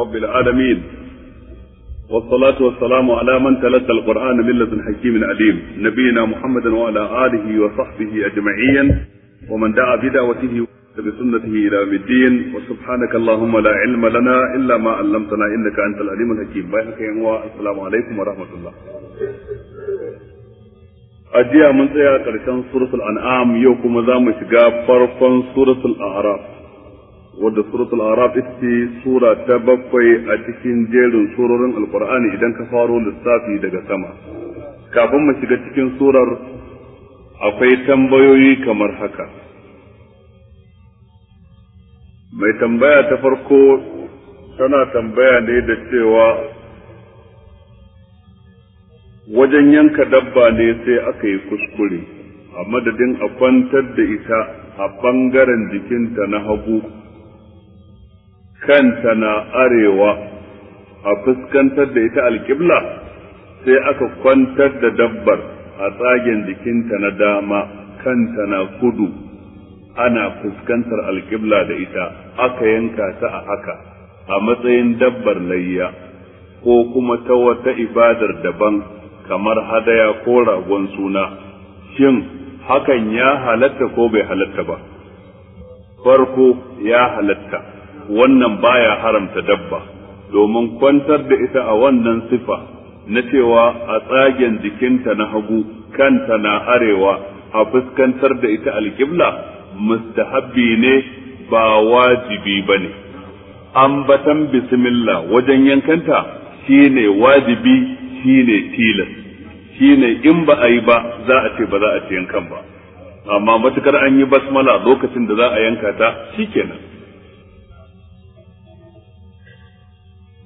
رب العالمين والصلاة والسلام على من تلقى القرآن من لدن حكيم عليم نبينا محمد وعلى آله وصحبه أجمعين ومن دعا بدعوته بسنته إلى يوم الدين وسبحانك اللهم لا علم لنا إلا ما علمتنا إنك أنت العليم الحكيم السلام عليكم ورحمة الله أجيء من سيئة كرشان سورة الأنعام يوكم زام شقاب فرقا سورة الأعراف wadda suratul araf ita ce sura ta bakwai a cikin jerin surorin alkur'ani idan ka faro lissafi daga sama kafin mu shiga cikin surar akwai tambayoyi kamar haka mai tambaya ta farko tana tambaya ne da cewa wajen yanka dabba ne sai aka yi kuskure a madadin a kwantar da ita a ɓangaren jikinta na hagu kanta na arewa a fuskantar da ita alƙibla sai aka kwantar da dabbar a tsagen jikinta na dama kanta na kudu ana fuskantar alƙibla da ita aka yanka ta a haka a matsayin dabbar layya ko kuma ta wata ibadar daban kamar hadaya ko ragon suna shin hakan ya halatta ko bai halatta ba farko ya halatta wannan baya haramta dabba domin kwantar da ita a wannan sifa na cewa a tsagen jikinta na hagu kanta na arewa a fuskantar da ita alƙibla mustahabbi ne ba wajibi ba ne ambatan bismillah wajen yankanta shine wajibi shine tilas shine in ba a yi ba za a ce ba za a ce yankan ba amma matukar an yi basmala lokacin da za a yanka ta shikenan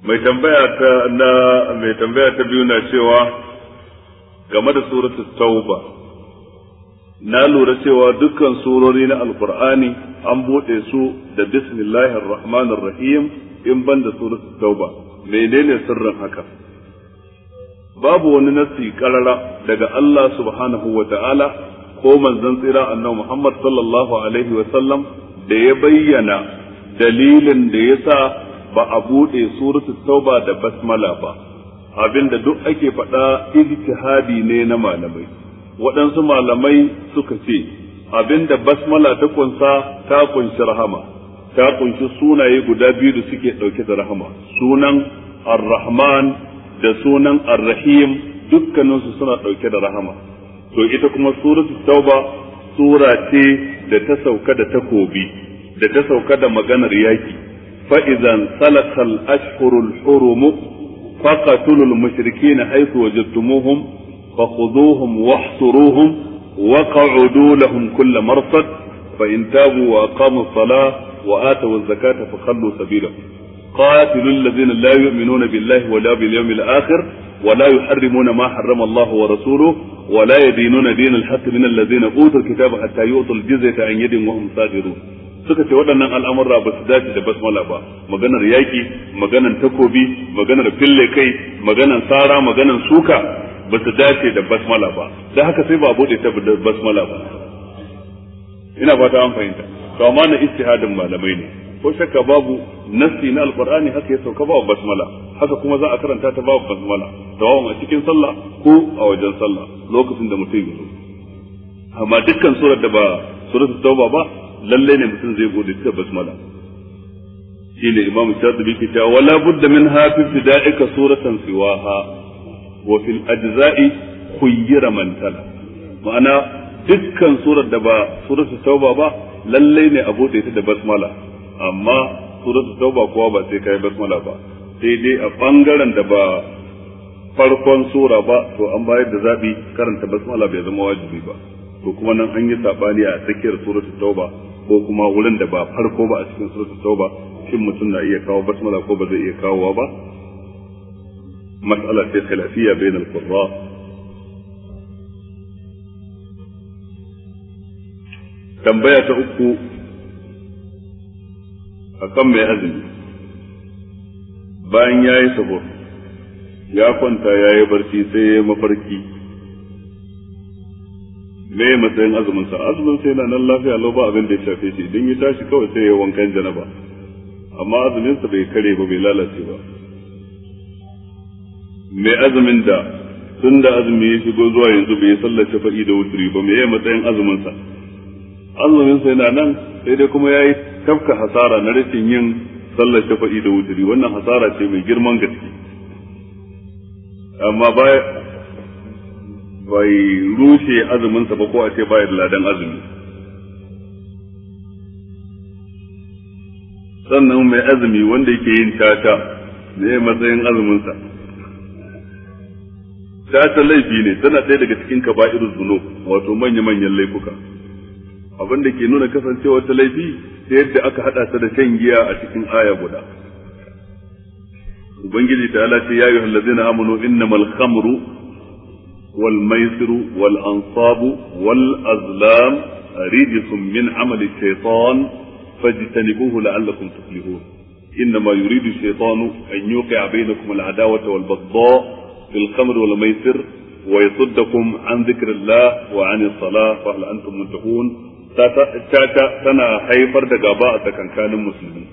mai tambaya ta na mai tambaya ta biyu na cewa game da suratul tauba na lura cewa dukkan surori na alqur'ani an bude su da bismillahir rahmanir rahim in ban da suratul tauba menene sirrin haka babu wani nasi karara daga Allah subhanahu wa ta'ala ko manzon tsira annabi Muhammad sallallahu alaihi wa sallam da ya bayyana dalilin da yasa ba a buɗe suratul tauba da basmala ba abinda duk ake faɗa ijtihadi ne na malamai waɗansu malamai suka ce abinda basmala ta kunsa ta kunshi rahama ta kunshi sunaye guda biyu da suke ɗauke da rahama sunan arrahman da sunan arrahim rahim dukkaninsu suna ɗauke da rahama to ita kuma suratul tauba sura ce da ta sauka da takobi da ta sauka da maganar yaki فإذا انسلخ الأشهر الحرم فقتلوا المشركين حيث وجدتموهم فخذوهم واحصروهم وقعدوا لهم كل مرصد فإن تابوا وأقاموا الصلاة وآتوا الزكاة فخلوا سبيلهم قاتلوا الذين لا يؤمنون بالله ولا باليوم الآخر ولا يحرمون ما حرم الله ورسوله ولا يدينون دين الحق من الذين أوتوا الكتاب حتى يؤتوا الجزية عن يد وهم صاغرون suka ce waɗannan al'amurra ba su dace da basmala ba maganar yaƙi maganar takobi maganar fille kai maganar tsara maganar suka ba su dace da basmala ba da haka sai ba a bude ta da basmala ba ina fata an fahimta to amma na istihadin malamai ne ko shakka babu nassi na alqur'ani haka ya sauka babu basmala haka kuma za a karanta ta babu basmala tawawun a cikin sallah ko a wajen sallah lokacin da mutum ya zo amma dukkan surar da ba suratul tauba ba lalle ne mutum zai gode da basmala ne imam shatibi bi cewa wala budda min hafi fida'ika suratan siwaha wa fil ajza'i khuyyira man tala ma'ana dukkan surar da ba suratul tauba ba lalle ne a bude ta da basmala amma suratul tauba kuwa ba sai kai basmala ba sai dai a bangaren da ba farkon sura ba to an bayar da zabi karanta basmala bai zama wajibi ba to kuma nan an yi sabani a tsakiyar suratul tauba ko kuma wurin da ba farko ba a cikin suratul tauba shin mutum na iya kawo basmala ko ba zai iya kawowa ba mas'ala ce khilafiyya al qurra tambaya ta uku akan mai azumi bayan yayi sabo ya kwanta yayi barci sai mafarki me matsayin azumin sa azumin sai yana nan lafiya lau ba abin da ya shafe shi idan ya tashi kawai sai ya wankan janaba amma azumin sa bai kare ba bai lalace ba me azumin da tun da azumi ya shigo zuwa yanzu bai sallace fa'i da wuturi ba me matsayin azumin sa azumin sa yana nan sai dai kuma yayi tafka hasara na rashin yin sallar fa'i da wuturi wannan hasara ce mai girman gaske amma baya bai rushe azuminsa ba ko a ce ladan azumi sannan mai azumi wanda yake yin tata ne matsayin azuminsa tata laifi ne tana ɗaya daga cikin kaba'ir zuno wato manya-manyan laifuka abin da ke nuna kasancewa ta laifi ta yadda aka haɗa ta da shan giya a cikin aya guda ubangiji ta ce ya yi hallazina amanu innamal khamru والميسر والأنصاب والأزلام رجس من عمل الشيطان فاجتنبوه لعلكم تفلحون إنما يريد الشيطان أن يوقع بينكم العداوة والبغضاء في الخمر والميسر ويصدكم عن ذكر الله وعن الصلاة فهل أنتم منتهون تاتا تنا haifar da gaba a tsakankanin musulmi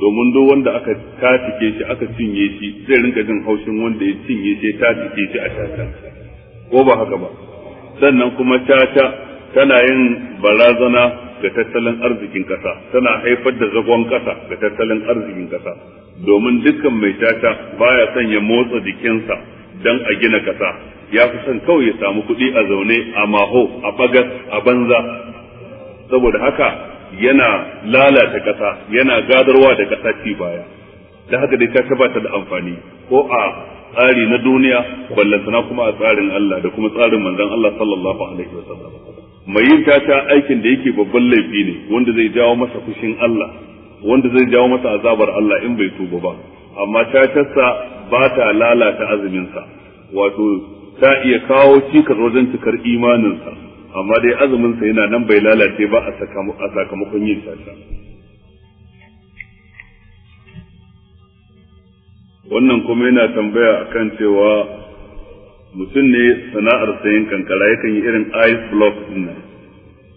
domin duk wanda aka tatike shi aka cinye shi zai rinka jin haushin wanda ya cinye shi tatike shi a shaka ko ba haka ba sannan kuma caca tana yin barazana ga tattalin arzikin ƙasa tana haifar da zagon ƙasa ga tattalin arzikin ƙasa domin dukkan mai caca baya son ya motsa jikinsa don a gina ƙasa ya fi son kawai ya samu kuɗi a zaune a maho a bagas a banza saboda haka yana lalata ƙasa yana gadarwa da kasa ci baya da haka dai ta bata da amfani ko a tsari na duniya ballantana kuma a tsarin Allah da kuma tsarin manzon Allah sallallahu alaihi wasallam mai yin tata aikin da yake babban laifi ne wanda zai jawo masa fushin Allah wanda zai jawo masa azabar Allah in bai tuba ba amma tatarsa ba ta lalata azuminsa wato ta iya kawo cikas wajen cikar imaninsa amma dai azuminsa yana nan bai lalace ba a sakamakon yin tata wannan kuma yana tambaya akan cewa mutum ne sana'ar sayan kankara yakan yi irin ice block din nan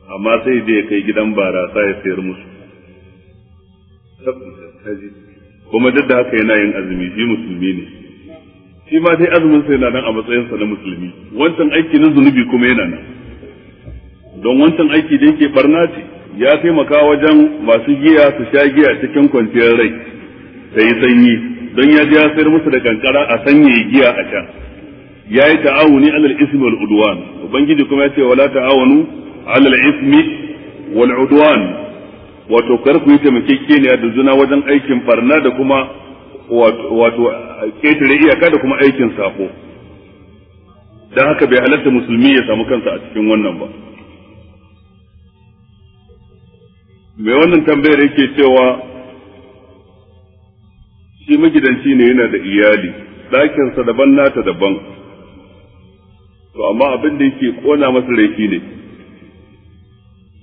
amma sai dai kai gidan barasa ya sayar musu kuma duk da haka yana yin azumi shi musulmi ne shi ma dai azumin sai yana nan a matsayin sa na musulmi wancan aiki na zunubi kuma yana nan don wancan aiki da yake barna ce ya taimaka wajen masu giya su sha giya cikin kwanciyar rai sai sanyi don ya ji ya sayar musu da kankara a sanya giya a can ya yi ta'awuni alal ismi wal udwan ubangiji kuma ya ce wala ta'awunu alal ismi wal udwan wato kar ku yi ne da juna wajen aikin farna da kuma wato ketare iyaka da kuma aikin sako don haka bai halatta musulmi ya samu kansa a cikin wannan ba mai wannan tambayar yake cewa shi magidanci ne yana da iyali ɗakinsa daban nata daban to amma abin da yake kona masa laifi ne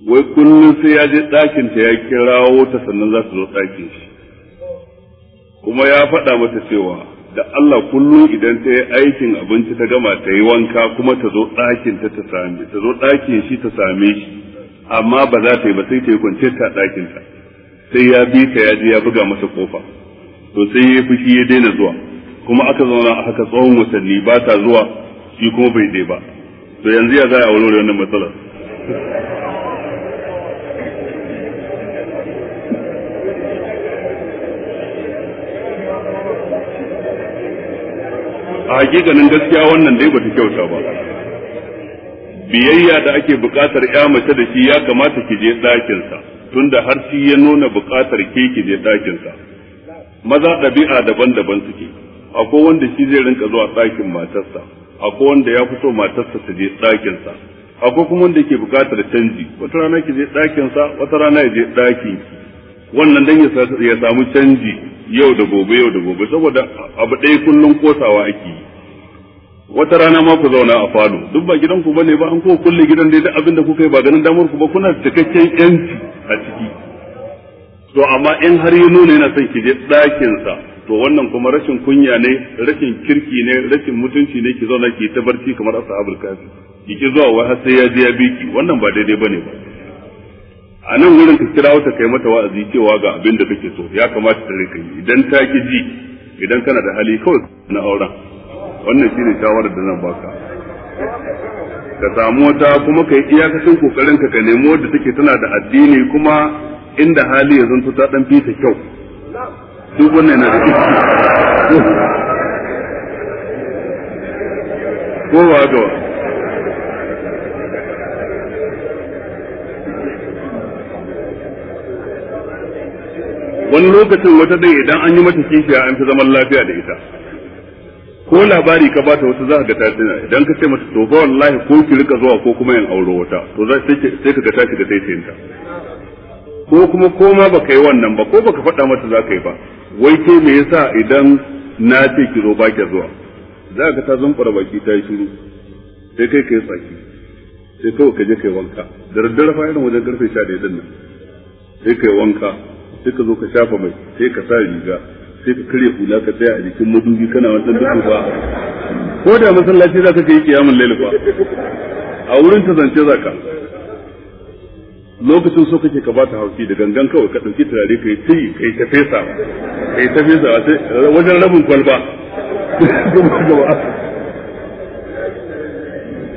wai kullum sai ya je ɗakinta ya kirawo ta sannan za su zo ɗakin shi kuma ya faɗa mata cewa da Allah kullum idan ta yi aikin abinci ta gama ta yi wanka kuma ta zo ɗakin ta ta same ta zo ɗakin shi ta same shi amma ba za ta yi ba sai ta yi kwance ta ɗakin ta sai ya bi ta ya je ya buga masa kofa to sai ya fushi ya daina zuwa kuma aka zauna a haka tsawon watanni ba ta zuwa shi kuma bai dai ba to yanzu ya za a wani wannan matsalar a hakikanin gaskiya wannan dai bata kyauta ba biyayya da ake bukatar ya mace da shi ya kamata ki je ɗakinsa tunda har shi ya nuna bukatar ke ki je ɗakinsa maza ɗabi'a daban-daban suke akwai wanda shi zai rinka zuwa ɗakin matarsa akwai wanda ya fito matarsa ta je ɗakinsa akwai kuma wanda ke buƙatar canji wata rana ki je ɗakinsa wata rana ya je ɗakin wannan dan ya samu canji yau da gobe yau da gobe saboda abu ɗaya kullum kosawa ake yi wata rana ma ku zauna a falo duk ba gidan ku bane ba an ko kulle gidan dai duk abin da kuka yi ba ganin damar ku ba kuna cikakken yanci a ciki to amma in har ya nuna yana son ki je ɗakin sa to wannan kuma rashin kunya ne rashin kirki ne rashin mutunci ne ki zauna ki ta barci kamar ashabul kafi ki ki zuwa wai har sai ya je ya bi wannan ba daidai bane ba a nan wurin ka kira wata kai mata wa'azi cewa ga abin da kake so ya kamata ta rika yi idan ta ki ji idan kana da hali kawai na auren wannan shine shawarar da zan baka ka samu wata kuma ka yi iyakacin kokarin ka ka nemi wadda take tana da addini kuma inda hali ya zanto ta dan bita kyau duk wannan yana da kowa ga wani lokacin wata dai idan an yi mata kishiya an fi zaman lafiya da ita ko labari ka bata wata za ka ga ta tuna idan ka ce mata to ba wallahi ko ki rika zuwa ko kuma yin auro wata to za sai ka ga ta da taitayinta ko kuma koma baka yi wannan ba ko baka faɗa mata za ka yi ba wai ke me yasa idan na ce ki zo ba ki zuwa za ka ta zan fara baki ta yi shiru sai kai ka yi tsaki sai kawai ka je ka yi wanka da daddare fa irin wajen karfe sha ɗaya din nan sai ka yi wanka sai ka zo ka shafa mai sai ka sa riga sai ka karya hula ka tsaya a jikin madubi kana wannan duk ba ko da masallaci za ka yi kiyamun laili ba a wurin ta zance za ka lokacin so kake ka bata hauki da gangan kawai ka dauki turare kai tayi kai ta fesa kai ta fesa sai wajen rabin kwalba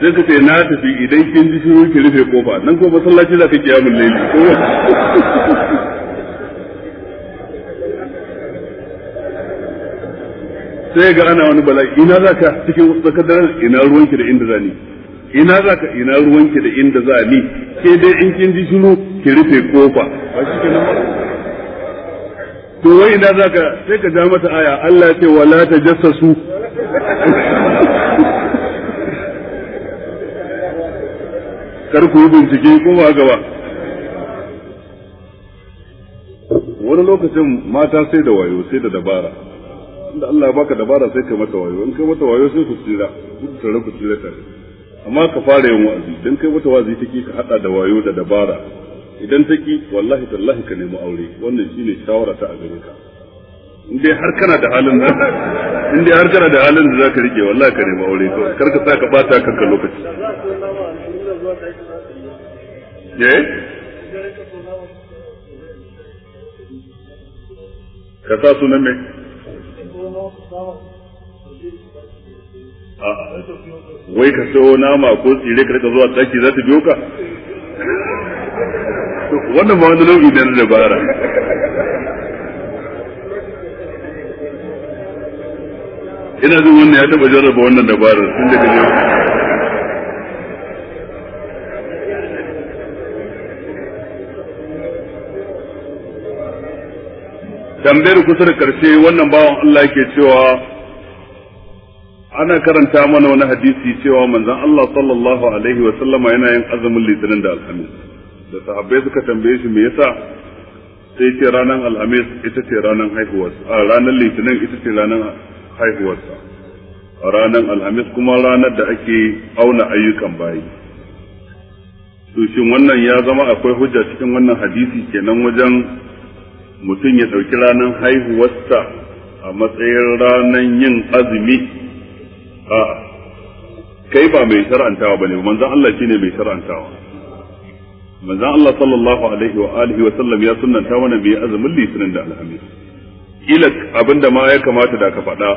sai ka ce na tafi idan kin ji shiru ki rufe kofa nan kuma masallaci za ka kiyamul laili sai ga ana wani bala'i ina za ka cikin wasu daren ina ruwanki da inda zani ina za ka ina ruwanki da inda za ni ke dai in kin ji shiru ki rufe kofa to wai ina za ka sai ka ja mata aya Allah ya ce wala ta jassasu kar ku yi bincike ko ba gaba wani lokacin mata sai da wayo sai da dabara inda Allah ya baka dabara sai ka mata wayo in ka mata wayo sai ku tsira ku tsira ku tsira tare amma ka fara yin wa'azi dan kai wata wa'azi take ka hada da wayo da dabara idan take wallahi tallahi ka nemi aure wannan shine shawara ta a gare ka in dai har kana da halin da in dai har kana da halin da zaka rike wallahi ka nemi aure to kar ka saka bata kanka lokaci eh ka sa sunan me wai ka sayo nama ko tsire ka rika zuwa tsaki za ta biyo ka wannan ba wani nau'i da na dabara ina jin wannan ya taba jarraba wannan dabarar tun daga yau tambayar kusa da karshe wannan bawan Allah ke cewa ana karanta mana wani hadisi cewa manzon Allah sallallahu alaihi wa sallama yana yin azumin litinin da alhamis da sahabbai suka tambaye shi me yasa sai ce ranar alhamis ita ce ranar haihuwarsa ranar litinin ita ce ranar haihuwarsa ranar alhamis kuma ranar da ake auna ayyukan bayi to shin wannan ya zama akwai hujja cikin wannan hadisi kenan wajen mutum ya ɗauki ranar haihuwarsa a matsayin ranar yin azumi a'a kai ba mai shar'antawa bane manzon Allah shine mai shar'antawa manzon Allah sallallahu alaihi wa alihi wa sallam ya sunnanta mana bi azumin litinin da alhamis ila abinda ma ya kamata da ka faɗa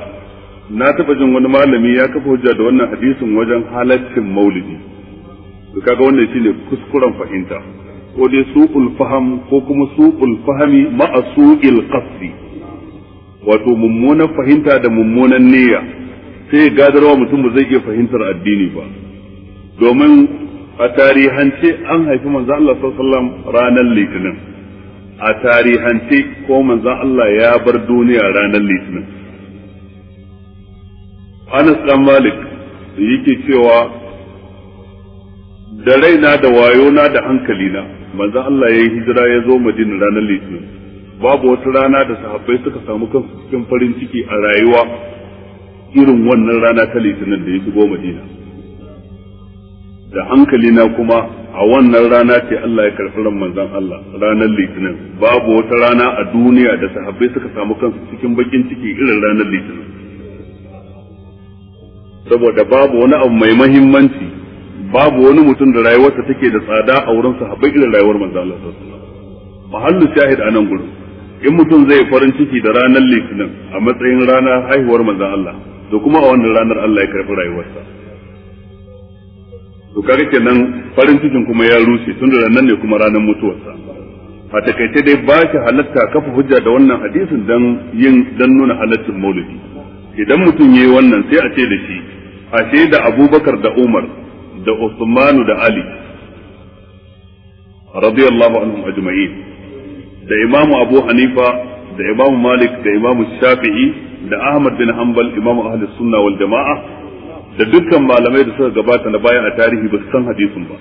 na taɓa jin wani malami ya kafa hujja da wannan hadisin wajen halaccin maulidi to kaga wannan shine kuskuren fahimta ko dai su'ul faham ko kuma su'ul fahami ma'a su'il qasdi wato mummunan fahimta da mummunan niyya sai ya gadarwa mutum ba zai iya fahimtar addini ba domin a tarihance an haifi manzo Allah sallallahu ranar litinin a tarihance ko manzo Allah ya bar duniya ranar litinin Anas dan Malik yake cewa da raina da wayona da hankalina manzo Allah ya yi hijira ya zo Madina ranar litinin babu wata rana da sahabbai suka samu kansu cikin farin ciki a rayuwa irin wannan rana ta litinin da ya shigo madina da hankali na kuma a wannan rana ce Allah ya karfi ran manzon Allah ranar litinin babu wata rana a duniya da sahabbai suka samu kansu cikin bakin ciki irin ranar litinin saboda babu wani abu mai mahimmanci babu wani mutum da rayuwarsa take da tsada a wurin sahabbai irin rayuwar manzon Allah sallallahu shahid a nan gurin in mutum zai farin ciki da ranar litinin a matsayin ranar haihuwar manzon Allah da kuma a wannan ranar Allah ya karɓi rayuwarsa to kaga kenan farin cikin kuma ya rushe tun da nan ne kuma ranar mutuwarsa a takaice dai ba shi halatta kafa hujja da wannan hadisin dan yin dan nuna halaccin maulidi idan mutum yayi wannan sai a ce da shi ashe da Abubakar da Umar da Usmanu da Ali radiyallahu anhum ajma'in da Imam Abu Hanifa da Imam Malik da Imam Shafi'i da Ahmad bin Hanbal Imam Ahlus Sunna wal Jama'a da dukkan malamai da suka gabata na baya a tarihi ba su san hadisin ba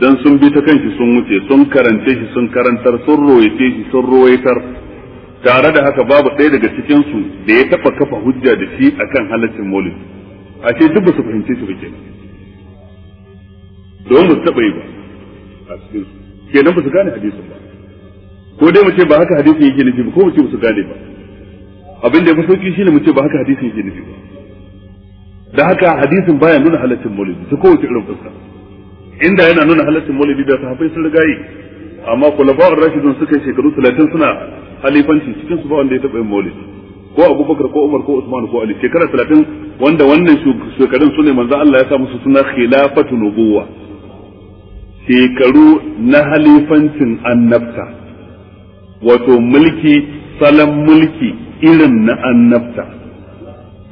dan sun bi ta kanki sun wuce sun karance shi sun karantar sun royace shi sun royatar tare da haka babu ɗaya daga cikin su da ya taba kafa hujja da shi akan halaccin maulid ce duk ba su fahimce shi ba kenan don ba su taba yi ba a cikin su kenan ba su gane hadisin ba ko dai mu ce ba haka hadisi yake nufi ba ko mu ce ba su gane ba abin da ya fi sauki shine mu ce ba haka hadisin ke nufi ba da haka hadisin baya nuna halaccin maulidi ta kowace irin fuska inda yana nuna halaccin maulidi da sahabbai sun riga yi amma kulafa'ur rashidun suka shekaru 30 suna halifanci cikin su ba wanda ya taba yin maulidi ko Abubakar ko Umar ko Usman ko Ali shekara 30 wanda wannan shekarun ne manzo Allah ya sa musu suna khilafatu nubuwa shekaru na halifancin annabta wato mulki salon mulki irin na annabta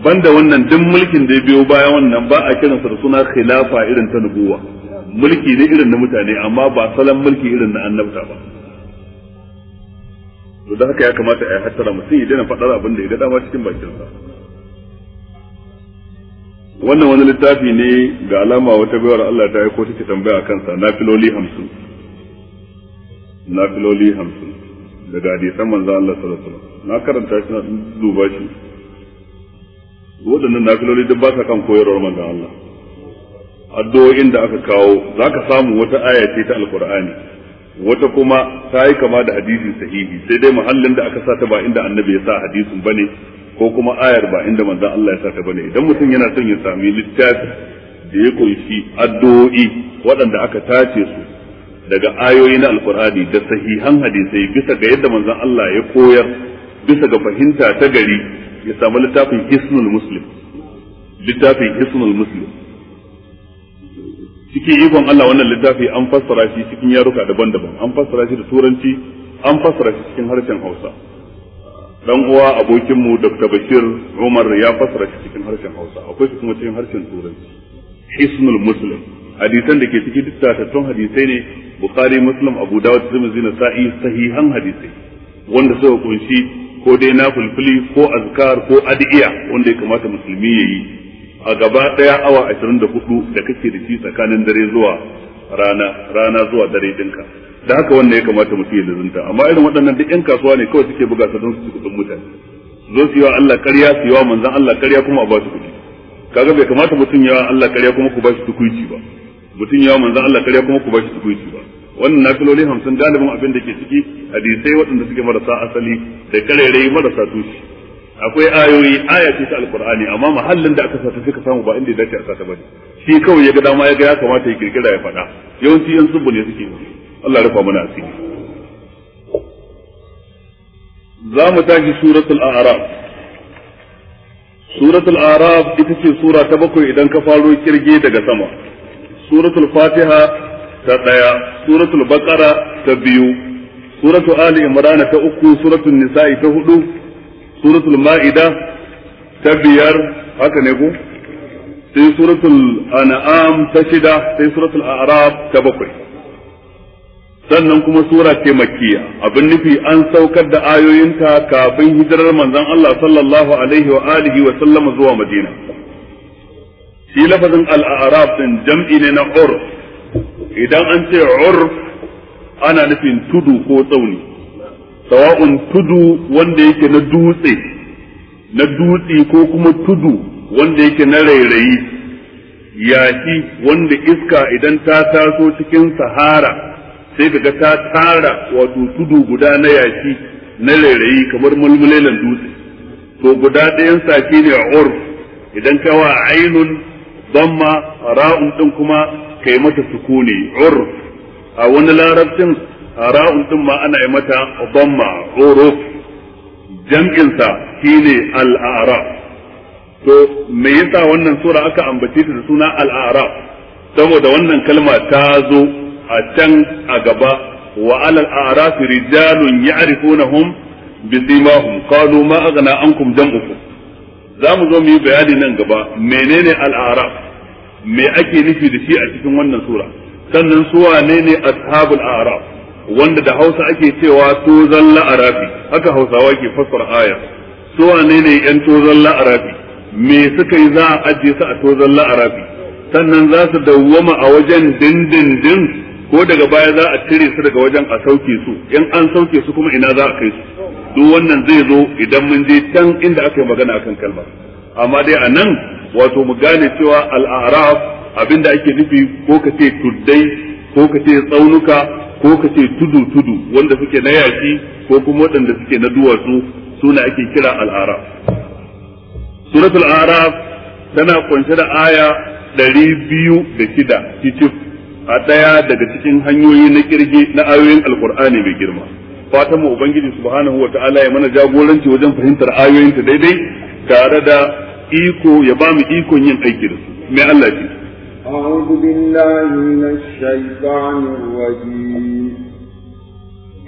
banda wannan duk mulkin da ya biyo baya wannan ba a kiransa da suna khilafa irin ta nubuwa mulki ne irin na mutane amma ba salon mulki irin na annabta ba to da haka ya kamata a yi hattara mutum ya daina faɗar abin da ya ga dama cikin bakinsa wannan wani littafi ne ga alama wata baiwar Allah ta aiko take tambaya a kansa na filoli hamsin na filoli hamsin daga hadisan manzo Allah sallallahu alaihi wasallam na karanta shi na duba shi waɗannan filoli duk ba sa kan koyarwar manzan Allah addu'o'in da aka kawo za ka samu wata aya ce ta alkur'ani wata kuma ta yi kama da hadisi sahihi sai dai muhallin da aka sa ta ba inda annabi ya sa hadisin ne, ko kuma ayar ba inda manzan Allah ya sa ta ne. idan mutum yana son ya sami littafi da ya kunshi addu'o'i waɗanda aka tace su daga ayoyi na alkur'ani da sahihan hadisai bisa ga yadda manzan Allah ya koyar bisa ga fahimta ta gari ya samu littafin hisnul muslim littafin hisnul muslim cikin ikon Allah wannan littafi an fassara shi cikin yaruka daban-daban an fassara shi da turanci an fassara shi cikin harshen Hausa dan uwa abokin mu Dr. Bashir Umar ya fassara shi cikin harshen Hausa akwai shi kuma cikin harshen turanci hisnul muslim hadisan da ke ciki duk tattattun hadisai ne Bukhari Muslim Abu Dawud Tirmidhi Nasa'i sahihan hadisai wanda suka kunshi ko dai na fulfuli ko azkar ko adiya wanda ya kamata musulmi ya yi a gaba daya awa ashirin da hudu da kake da shi tsakanin dare zuwa rana rana zuwa dare dinka da haka wanda ya kamata mutum ya lazunta amma irin waɗannan duk yan kasuwa ne kawai suke buga su su kudin mutane zo su yi wa Allah ƙarya su yi wa manzon Allah ƙarya kuma a ba su kuɗi kaga bai kamata mutum ya wa Allah ƙarya kuma ku ba shi tukuici ba mutum ya wa manzon Allah ƙarya kuma ku ba shi tukuici ba wannan nafiloli hamsin galibin abin da ke ciki hadisai waɗanda suke marasa asali da karerai marasa tushe akwai ayoyi aya ce ta alqur'ani amma mahallin da aka sa ta ka samu ba inda ya dace a sa ta bane shi kawai ya ga dama ya ga ya kamata ya kirkira ya faɗa yawanci yan subbu ne suke Allah rufa mana asiri za mu tashi suratul a'raf suratul a'raf ita ce sura ta bakwai idan ka faro kirge daga sama suratul fatiha ta ɗaya suratul baqara ta biyu suratul ali imran ta uku suratul nisa'i ta hudu suratul ma'ida ta biyar haka ne ko sai suratul an'am ta shida sai suratul a'raf ta bakwai sannan kuma sura ce makkiya abin nufi an saukar da ayoyinta kafin hijirar manzon Allah sallallahu alaihi wa alihi wa sallama zuwa Madina shi lafazin al-a'raf din jam'i ne na urf idan an ce urf ana nufin tudu ko tsauni sawa'un tudu wanda yake na dutse na dutse ko kuma tudu wanda yake na rairayi yashi wanda iska idan ta taso cikin sahara sai kaga ta tara wato tudu guda na yashi na rairayi kamar mulmulelan dutse to guda ɗayan sake ne a urf idan kawa ainun ma ra'un din kuma kai mata sukuni urf a wani larabcin ra'un din ma ana yi mata dhamma uruf jam'in sa shine al-a'raf to me yasa wannan sura aka ambace ta da suna al-a'raf saboda wannan kalma ta zo a can a gaba wa al a'raf rijalun ya'rifunahum bisimahum qalu ma aghna ankum jam'ukum za mu zo mu yi bayani nan gaba menene al-a'raf me ake nufi da shi a cikin wannan sura sannan su ne ne ashabul araf wanda da hausa ake cewa tozan la'arafi haka hausawa ke fassara aya su ne ne yan tozan la'arafi me suka yi za a ajiye su a tozan la'arafi sannan za su dawwama a wajen dindindin ko daga baya za a cire su daga wajen a sauke su in an sauke su kuma ina za a kai su duk wannan zai zo idan mun je can inda aka yi magana akan kalmar amma dai a nan wato mu gane cewa al'araf abinda ake nufi ko ka ce tuddai ko ka ce tsaunuka ko ka ce tudu tudu wanda suke na yaki ko kuma waɗanda suke na duwatsu suna ake kira al'araf suratul araf tana kunshe da aya ɗari biyu da shida cicif a ɗaya daga cikin hanyoyi na kirge na ayoyin alkur'ani mai girma fatan ubangiji subhanahu wa ta'ala ya mana jagoranci wajen fahimtar ayoyinta daidai tare da iko ya ba mu ikon yin aiki da su mai Allah ce أعوذ بالله من الشيطان الرجيم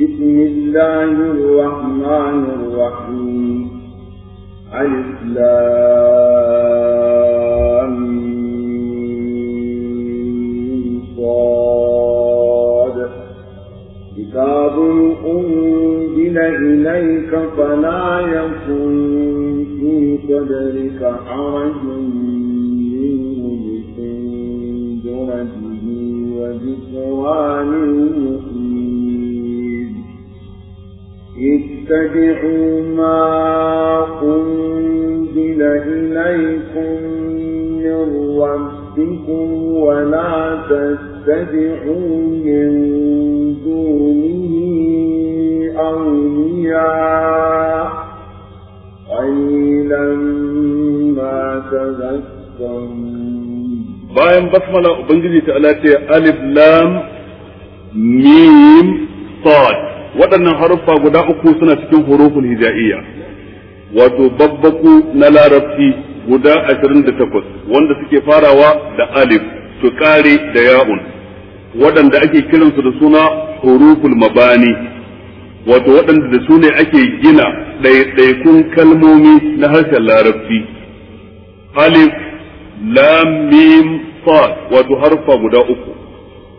بسم الله الرحمن الرحيم الإسلام صاد كتاب أنزل إليك فلا يكن ذلك حرج منه بسندرته وذكرى للمؤمنين اتبعوا ما أنزل إليكم من ربكم ولا تتبعوا من دونه أولياء قليلا bayan basmala ubangiji ta ala ce alif lam mim sad waɗannan haruffa guda uku suna cikin huruful hijaiyya wato babbaku na larabci guda 28 wanda suke farawa da alif su kare da ya'un waɗanda ake kiransu da suna huruful mabani wato waɗanda da su ne ake gina ɗaiɗaikun kalmomi na harshen larabci alif lam mim sad wato harfa guda uku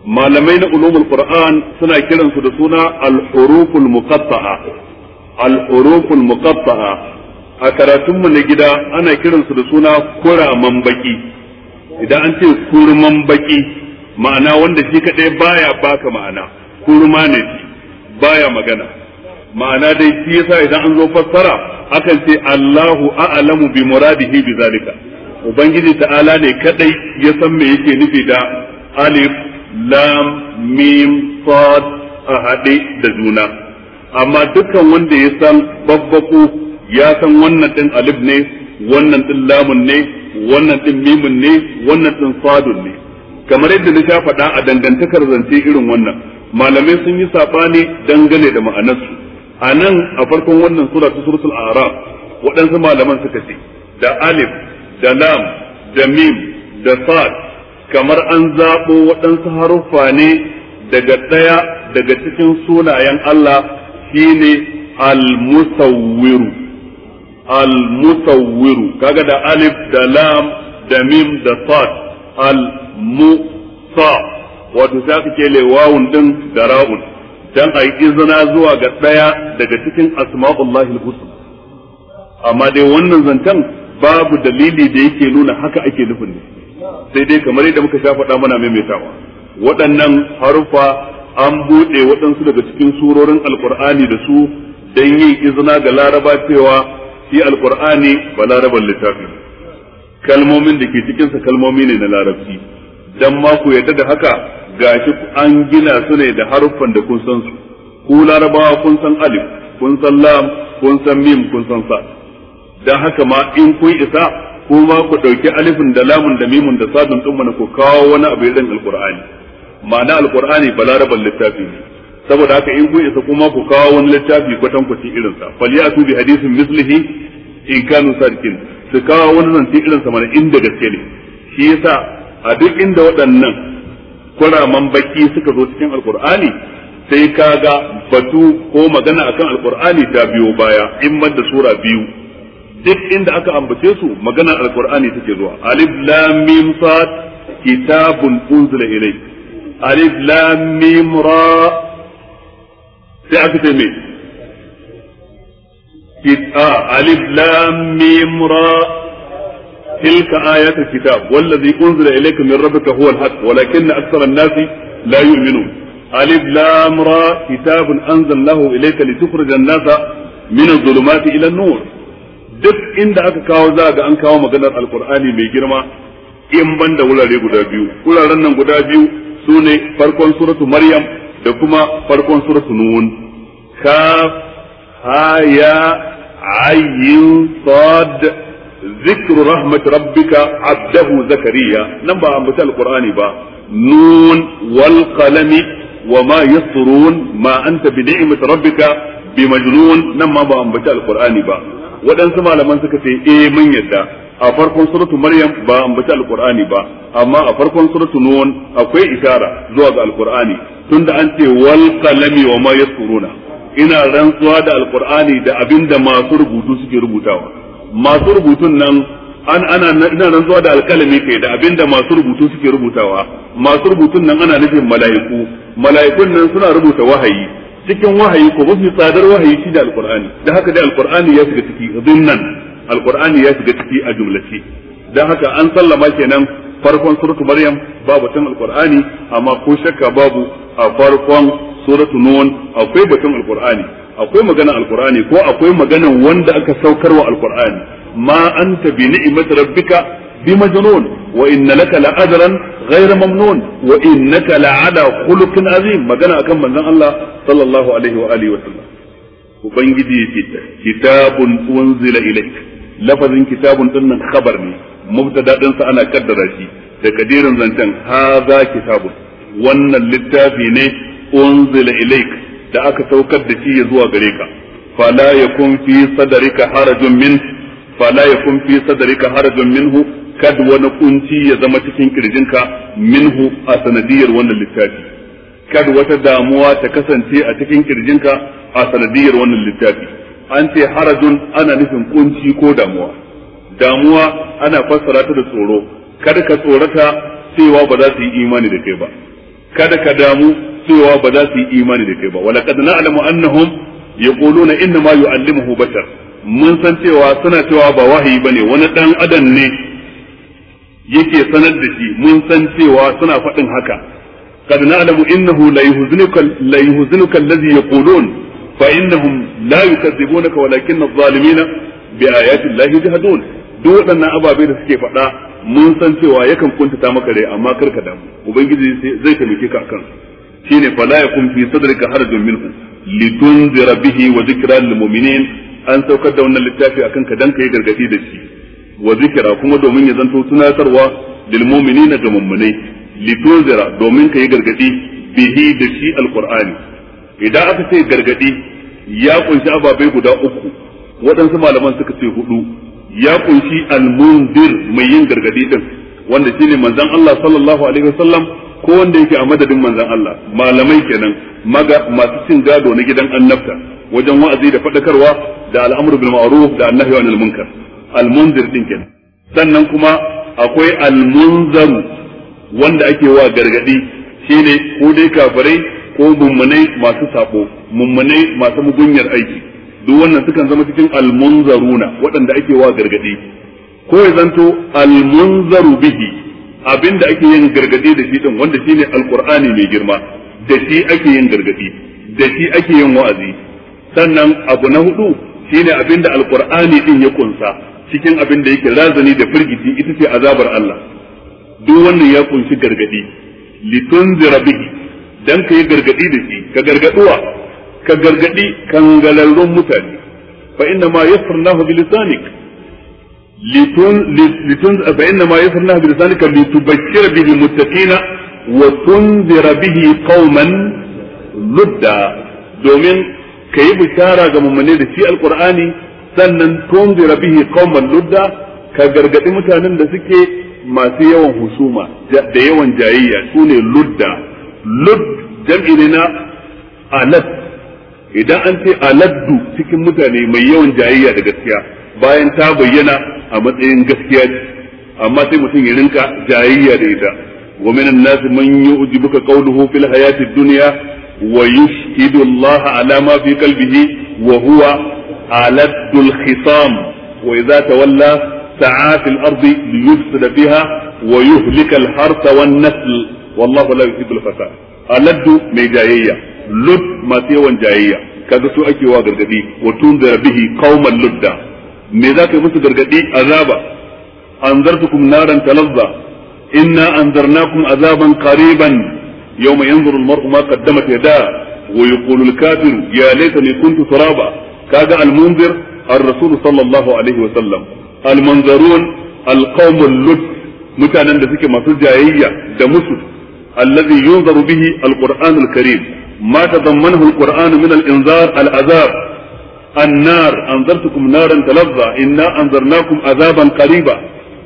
malamai na ulumul qur'an suna kiransu da suna al-huruful muqatta'a al-huruful muqatta'a a karatunmu na gida ana kiransu da suna kuraman baki idan an ce kurman baki ma'ana wanda shi kadai baya baka ma'ana kurma ne baya magana ma'ana dai shi yasa idan an zo fassara akan ce Allahu a'lamu bi muradihi bi zalika ubangiji ta'ala ne kadai ya san me yake nufi da alif lam mim sad a da juna amma dukkan wanda ya san babbaku ya san wannan din alif ne wannan din lamun ne wannan din mimun ne wannan din sadun ne kamar yadda na sha faɗa a dangantakar zance irin wannan malamai sun yi saɓani dangane da ma'anarsu a nan a farkon wannan sura ta suratul araf waɗansu malaman suka ce da alif da lam da mim da sad kamar an zaɓo waɗansu haruffa ne daga ɗaya daga cikin sunayen Allah shine al-musawwiru al-musawwiru kaga da alif da lam da mim da sad al-musa wato sai aka ce wawun din da ra'un dan a yi izina zuwa ga ɗaya daga cikin asma'ullahi al-husna amma dai wannan zancen babu dalili da yake nuna haka ake nufin ne sai dai kamar yadda muka sha faɗa mana maimaitawa waɗannan harufa an buɗe waɗansu daga cikin surorin alkur'ani da su dan yin izina ga laraba cewa shi alkur'ani ba laraban littafi kalmomin da ke cikinsa kalmomi ne na larabci dan ma ku yarda da haka gashi an gina su ne da haruffan da kun san su ku larabawa kun san alif kun san lam kun san mim kun san sa dan haka ma in kun isa kuma ku dauki alifin da lamun da mimun da sadun din mana ku kawo wani abu irin alqur'ani ma'ana alqur'ani balaraban littafi ne saboda haka in kun isa kuma ku kawo wani littafi gwatan ku ci irin sa falyatu bi hadisin mislihi in kanu sadikin su kawo wani zance irin sa mana inda gaske ne shi yasa a duk inda waɗannan kuraman baki suka zo cikin alkur'ani sai kaga batu ko magana akan alkur'ani ta biyo baya in da sura biyu duk inda aka ambace su magana alkur'ani take zuwa alif lam mim sad kitabun unzila ilayk alif lam mim ra sai aka ce me alif lam mim ra tilka ayatul kitab wallazi unzila ilayka min rabbika huwa al-haq walakinna akthara an-nasi la yu'minun alif lam ra kitabun anzalnahu ilayka litukhrijan nasa min adh-dhulumati ila an-nur duk inda aka kawo za a ga an kawo maganar alkur'ani mai girma in banda wurare guda biyu wuraren nan guda biyu sune farkon suratu maryam da kuma farkon suratu nun ka ha ya ayin sad ذكر رحمة ربك عبده زكريا نبا مثال القرآن با نون والقلم وما يسطرون ما أنت بنعمة ربك بمجنون نما با مثال القرآن با waɗansu malaman suka ce eh mun yadda a farkon suratu maryam ba ambaci alqur'ani ba amma a farkon suratu nun akwai isara zuwa ga alqur'ani tunda an ce wal qalami wa ma yaskuruna ina rantsuwa da alqur'ani da abinda masu rubutu suke rubutawa masu rubutun nan an ana ina nan zuwa da alkalami kai da abinda masu rubutu suke rubutawa masu rubutun nan ana nufin mala'iku mala'ikun nan suna rubuta wahayi cikin wahayi ko mafi tsadar wahayi shi da alqur'ani da haka dai alqur'ani ya shiga ciki zunnan alqur'ani ya shiga ciki a jumlaci dan haka an sallama kenan farkon suratu maryam babu tun alqur'ani amma ko shakka babu a farkon suratu nun akwai batun alqur'ani akwai magana alqur'ani ko akwai magana wanda aka saukar saukarwa alqur'ani ma anta bi ni'mat rabbika bi majnun wa inna laka la ajran ghayr mamnun wa innaka la ala khuluqin azim magana akan manzon Allah sallallahu alaihi wa alihi wa sallam ubangiji yace kitabun unzila ilayka lafazin kitabun dinnan khabar ne mubtada dinsa ana kaddara shi da kadirin zancen haza kitabun wannan littafi ne unzila ilaik da aka saukar da shi zuwa gare ka fala yakun fi sadrika harajun min fala yakun fi sadrika harajun minhu kad wani kunci ya zama cikin kirjinka minhu a sanadiyar wannan littafi kad wata damuwa ta kasance a cikin kirjinka a sanadiyar wannan littafi an ce harajun ana nufin kunci ko damuwa damuwa ana fassara ta da tsoro kada ka tsorata cewa ba za su yi imani da kai ba kada ka damu cewa ba za su yi imani da kai ba wala kad na'lamu annahum yaquluna inna ma yu'allimuhu bashar mun san cewa suna cewa ba wahayi bane wani dan adam ne yake sanar da shi mun san cewa suna faɗin haka kad na'lamu innahu la yuhzinuka la yuhzinuka alladhi yaqulun fa innahum la yukadzibunaka walakin adh-dhalimina bi ayati llahi yahdun duk waɗannan ababe da suke faɗa mun san cewa yakan kuntata maka rai amma karka damu ubangiji zai taimake ka akan shine fala yakun fi sadrika harajun minhu litunzira bihi wa zikra lil mu'minin an saukar da wannan littafi akan ka dan kai gargadi da shi wa kuma domin ya zanto tunatarwa lil na ga muminai litunzira domin kai gargadi bihi da shi alqur'ani idan aka ce gargadi ya kunshi ababai guda uku waɗansu malaman suka ce hudu ya kunshi almundir mai yin gargadi din wanda shine manzon Allah sallallahu alaihi wasallam ko wanda yake a madadin manzon Allah malamai kenan maga masu cin gado na gidan annabta wajen wa'azi da fadakarwa da al'amru bil ma'ruf da annahi anil munkar al-munzir din kenan sannan kuma akwai al-munzar wanda ake wa gargadi shine ko dai kafirai ko mummunai masu sako mummunai masu mugunyar aiki duk wannan sukan zama cikin al-munzaruna waɗanda ake wa gargadi ko ya zanto al-munzaru bihi abin da ake yin gargadi da shi din wanda shi shine alkur'ani mai girma da shi ake yin gargadi da shi ake yin wa'azi sannan abu na hudu shi ne abin da alkur'ani din ya kunsa cikin abin da yake razani da firgiti ita ce azabar Allah duk wannan ya kunshi gargadi litunzira bihi dan kai gargadi da shi ka gargaduwa ka gargadi kangalarrun mutane fa inna ma yasrnahu bilisanik litun فإنما يسرناه بلسانك لتبشر به المتقين وتنذر به قوما لدا domin ka yi bishara ga mummune da shi alkur'ani sannan tunzira bihi qauman ludda ka gargadi mutanen da suke masu yawan husuma da yawan jayayya sune ludda lud jam'i ne na idan an ce aladdu cikin mutane mai yawan jayayya da gaskiya bayan ta bayyana a matsayin gaskiya amma sai mutum ya rinka jayayya da ita wa minan nas man yu'jibuka qawluhu fil hayati dunya wa yushhidu Allah ala ma fi qalbihi wa huwa aladul khisam wa idza tawalla sa'a fil ardi liyufsida fiha wa yuhlika al harsa wan nasl wallahu la yuhibbu al fasad aladdu mai jayayya lud masu yawan jayayya kaga su ake wa gargadi wa tunzira bihi qauman ludda me za ka yi musu gargaɗi azaba anzartukum naran talazza inna anzarnakum azaban qariban yawma yanzuru al-mar'u ma qaddamat yadahu wa yaqulu al-kafiru ya laitani kuntu turaba kaga al-munzir ar-rasul sallallahu alaihi wa sallam al-manzarun al mutanen da suke masu jayayya da musu alladhi yunzaru bihi al-qur'an al-karim ma tadammanhu al min al-inzar azab annar anzartukum naran talazza inna anzarnakum azaban qariba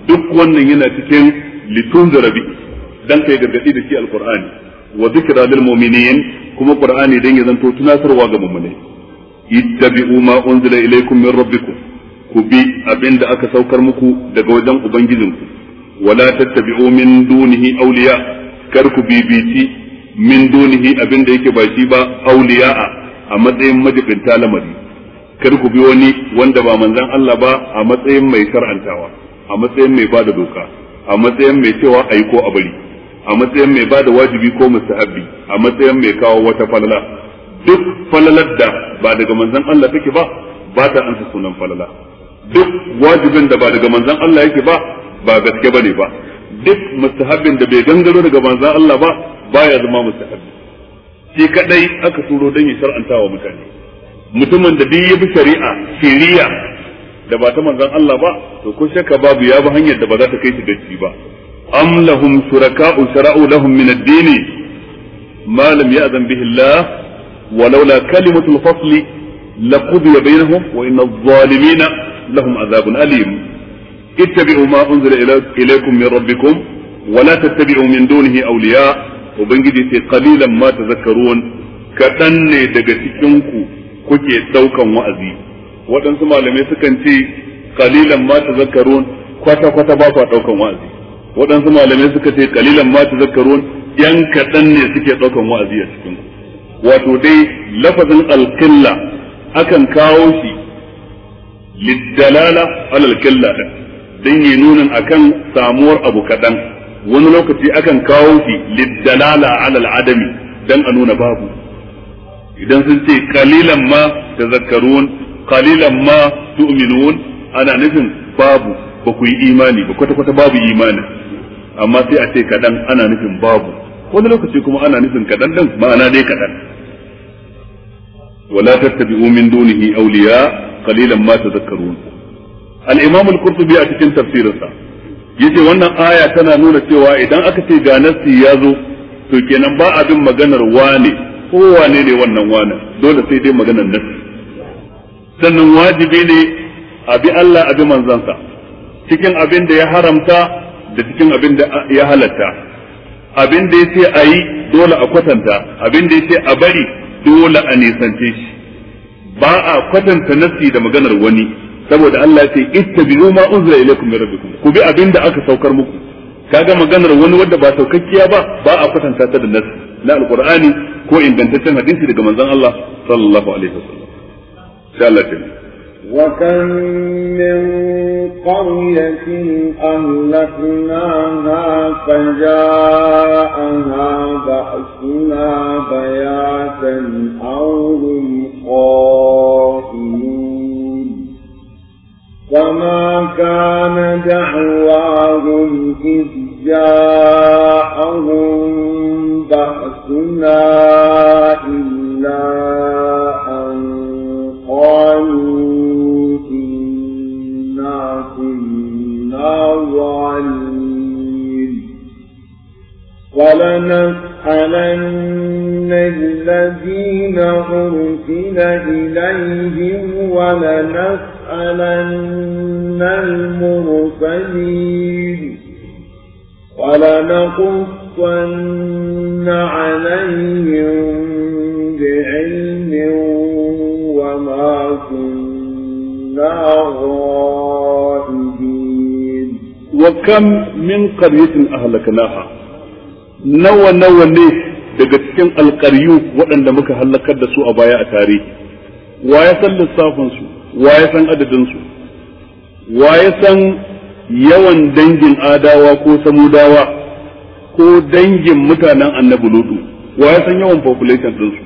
duk wannan yana cikin litunzira bi dan kai gargadi da shi alqur'ani wa zikra lil mu'minin kuma qur'ani dan ya zanto tunatarwa ga mu'minai ittabi'u ma unzila ilaykum min rabbikum ku bi abinda aka saukar muku daga wajen ubangijinku wala tattabi'u min dunihi awliya kar ku bibiti min dunihi abinda yake ba shi ba awliya a matsayin majibin lamari kar ku bi wani wanda ba manzon Allah ba a matsayin mai shar'antawa a matsayin mai bada doka a matsayin mai cewa ayi ko a bari a matsayin mai bada wajibi ko mustahabbi a matsayin mai kawo wata falala duk falalar da ba daga manzon Allah take ba ba ta ansa sunan falala duk wajibin da ba daga manzon Allah yake ba ba gaske bane ba duk mustahabin da bai gangaro daga manzon Allah ba baya zama mustahabi shi kadai aka turo don yi shar'antawa mutane mutumin da duk ya bi shari'a shari'a da ba ta manzon Allah ba to ko shakka babu ya bi hanyar da ba za ta kai shi gaci ba am lahum shuraka'u shara'u lahum min ad-din ma lam ya'zan bihi Allah wa laula kalimatul fasli laqudiya bainahum wa inna adh lahum adhabun alim ittabi'u ma unzila ilaykum min rabbikum wa la tattabi'u min dunihi awliya ubangiji sai qalilan ma tazakkarun kadan ne daga cikin ku kuke daukan wa'azi waɗansu malamai sukan ce qalilan ma zakarun kwata kwata ba ku daukan wa'azi waɗansu malamai suka ce qalilan ma zakarun yan kaɗan ne suke daukan wa'azi a cikin wato dai lafazin alqilla akan kawo shi liddalala alal qilla dan yi nunin akan samuwar abu kaɗan wani lokaci akan kawo shi liddalala alal adami dan a nuna babu idan sun ce kalilan ma zakarun kalilan ma tu'minun ana nufin babu ba ku yi imani ba kwata kwata babu imani amma sai a ce kadan ana nufin babu wani lokaci kuma ana nufin kadan din ma'ana dai kadan ولا تتبعوا من دونه أولياء قليلا ما تذكرون الإمام a cikin tafsirinsa yace wannan aya tana nuna cewa idan aka ce ga nassi ya zo to kenan ba abin maganar wane wane ne wannan wani dole sai dai maganar nasi sannan wajibi ne a bi Allah a bi manzansa cikin abin da ya haramta da cikin abin da ya halatta abin da ya ce a yi dole a kwatanta abin da ya ce a bari dole a nisance shi ba a kwatanta nasi da maganar wani saboda Allah ya ce ittabi'u ma unzila ilaykum min rabbikum ku bi abin da aka saukar muku kaga maganar wani wanda ba saukakkiya ba ba a kwatanta ta da nasi na alqur'ani ko ingantaccen hadisi daga manzon Allah sallallahu alaihi wasallam sai Allah ta وكم من قرية أهلكناها فجاءها بأسنا بياتا أو هم قائلون وما كان دعواهم إذ جاءهم كنا kam min qaryatin ahlaknaha nawa nawa ne daga cikin alqaryu waɗanda muka halakar da su a baya a tarihi wa ya san lissafin su wa ya san adadin su wa ya san yawan dangin adawa ko samudawa ko dangin mutanen annabi lutu wa ya san yawan population din su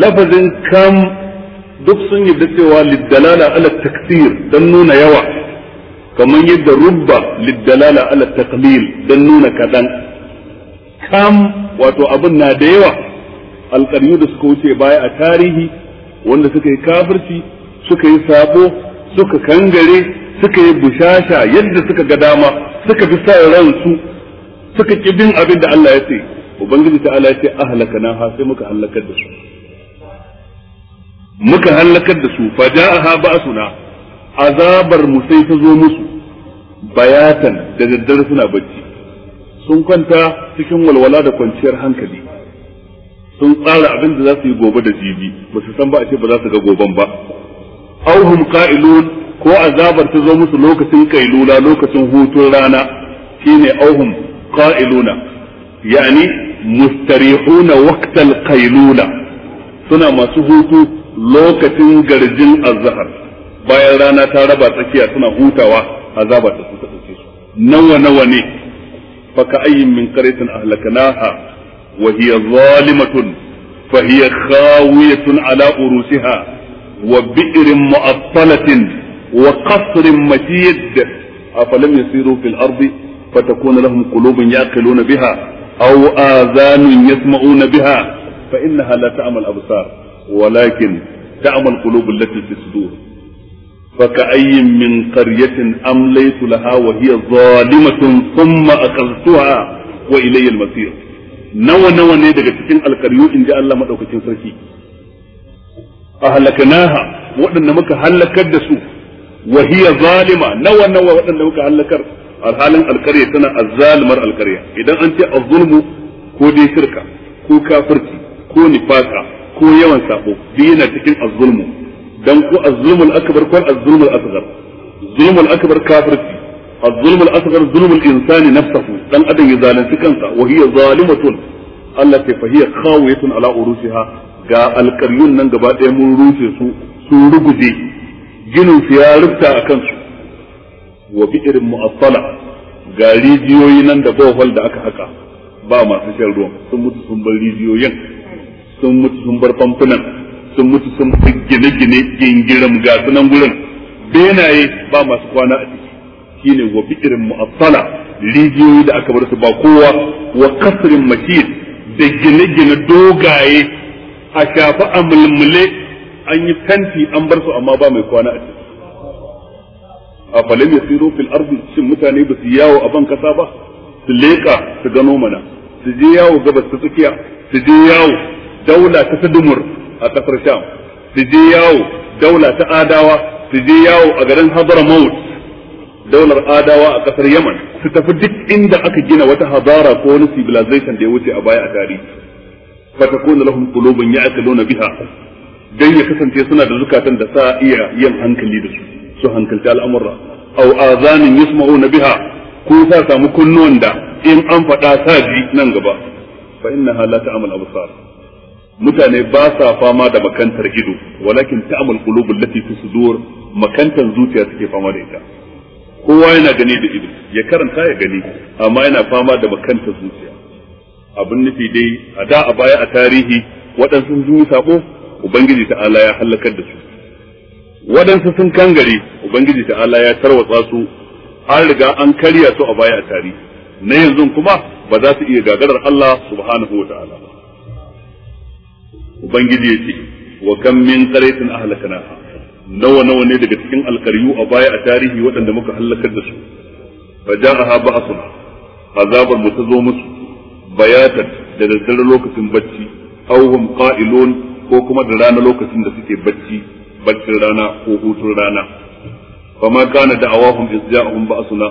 lafazin kam duk sun yi da cewa ala taksir dan nuna yawa kamar yadda rubba liddalala ala taqlil dan nuna kadan kam wato abun na da yawa alƙaryu da suka wuce baya a tarihi wanda suka yi kafirci suka yi sabo suka kangare suka yi bushasha yadda suka ga dama suka fi sa ransu suka ki bin abin da Allah ya ce ubangiji ta Allah ya ce ahlakana ha sai muka halakar da su muka halakar da su fa ja'aha ba'suna azabar mu sai ta zo musu bayatan da daddare suna bacci sun kwanta cikin walwala da kwanciyar hankali sun tsara abin da za su yi gobe da jibi ba su san ba a ce ba za su ga goben ba auhum qa'ilun ko azabar ta zo musu lokacin kailula lokacin hutun rana shine auhum qa'iluna yani mustarihuna waqtal qailula suna masu hutu lokacin garjin azhar bayan rana ta raba tsakiya suna hutawa azaba ta su ta dauke su nawa nawa ne fa ka ayyin min qaryatin ahlaknaha wa hiya zalimatun fa hiya khawiyatun ala urusiha wa bi'rin mu'attalatin wa qasrin matid afalam yasiru fil ardi فتكون لهم قلوب يعقلون بها أو آذان يسمعون بها فإنها لا تعمى الأبصار ولكن تعمى القلوب التي في الصدور فكأي من قرية أمليت لها وهي ظالمة ثم أخذتها وإلي المصير نوى نوى ne daga cikin alkaryu in ji Allah madaukakin sarki ahlaknaha waɗanda muka halakar da su wa hiya zalima nawa nawa waɗanda muka halakar alhalin alkarya tana azzalimar alkarya idan an ce azzulmu ko dai shirka ko kafirci ko nifaka ko yawan sabo yana cikin azzulmu dan ko az-zulmul akbar ko az-zulmul asghar zulmul akbar kafirci az-zulmul asghar zulmul insani nafsuhu dan adam ya zalunci kansa wa hiya zalimatun Allah ta fahiya khawiyatun ala urusiha ga alƙaryun nan gaba ɗaya mun rufe su su ruguje ginin su ya rufta a su wa bi'irin mu'assala ga rijiyoyi nan da bohol da aka haka ba masu shan ruwan sun mutu sun bar rijiyoyin sun mutu sun bar famfunan sun mutu sun fi gine-gine gingiram ga sunan gurin benaye ba masu kwana a ciki shine wa bi'irin mu'assala rijiyoyi da aka bar su ba kowa wa kasrin masjid da gine-gine dogaye a shafa a mulmule an yi kanti an bar su amma ba mai kwana a ciki a ya yasiru fil ardi shin mutane ba su yawo a ban kasa ba su leƙa su gano mana su je yawo gabas ta tsakiya su je yawo daula ta tadumur a kasar sham su je yawo daula ta adawa su je yawo a garin hadramaut daular adawa a kasar yaman su tafi duk inda aka gina wata hadara ko wani civilization da ya wuce a baya a tarihi fatakuna lahum qulubun ya'qiluna biha don ya kasance suna da zukatan da sa iya yin hankali da su su hankalta al'amura au azanin na biha ko sa samu kunnuwan da in an faɗa sa ji nan gaba fa innaha la ta'mal absar mutane ba sa fama da makantar ido walakin ta'mal qulubul lati fi sudur makantar zuciya suke fama da ita kowa yana gani da ido ya karanta ya gani amma yana fama da makantar zuciya abin nufi dai a da a baya a tarihi waɗansu sun yi sabo ubangiji ta'ala ya halakar da su waɗansu sun kangare ubangiji ta'ala ya tarwatsa su an riga an karya su a baya a tarihi na yanzu kuma ba za su iya gagarar Allah subhanahu wa ta'ala ba ubangiji ya ce wa kam min qaryatin ahlaknaha nawa nawa ne daga cikin alkaryu a baya a tarihi waɗanda muka hallakar da su faja'aha ba'suna azabar mu ta zo musu bayatan da daddare lokacin bacci aw qa'ilun ko kuma da rana lokacin da suke bacci baccin rana ko hutun rana fama kana da'awahum izja'ahum ba'suna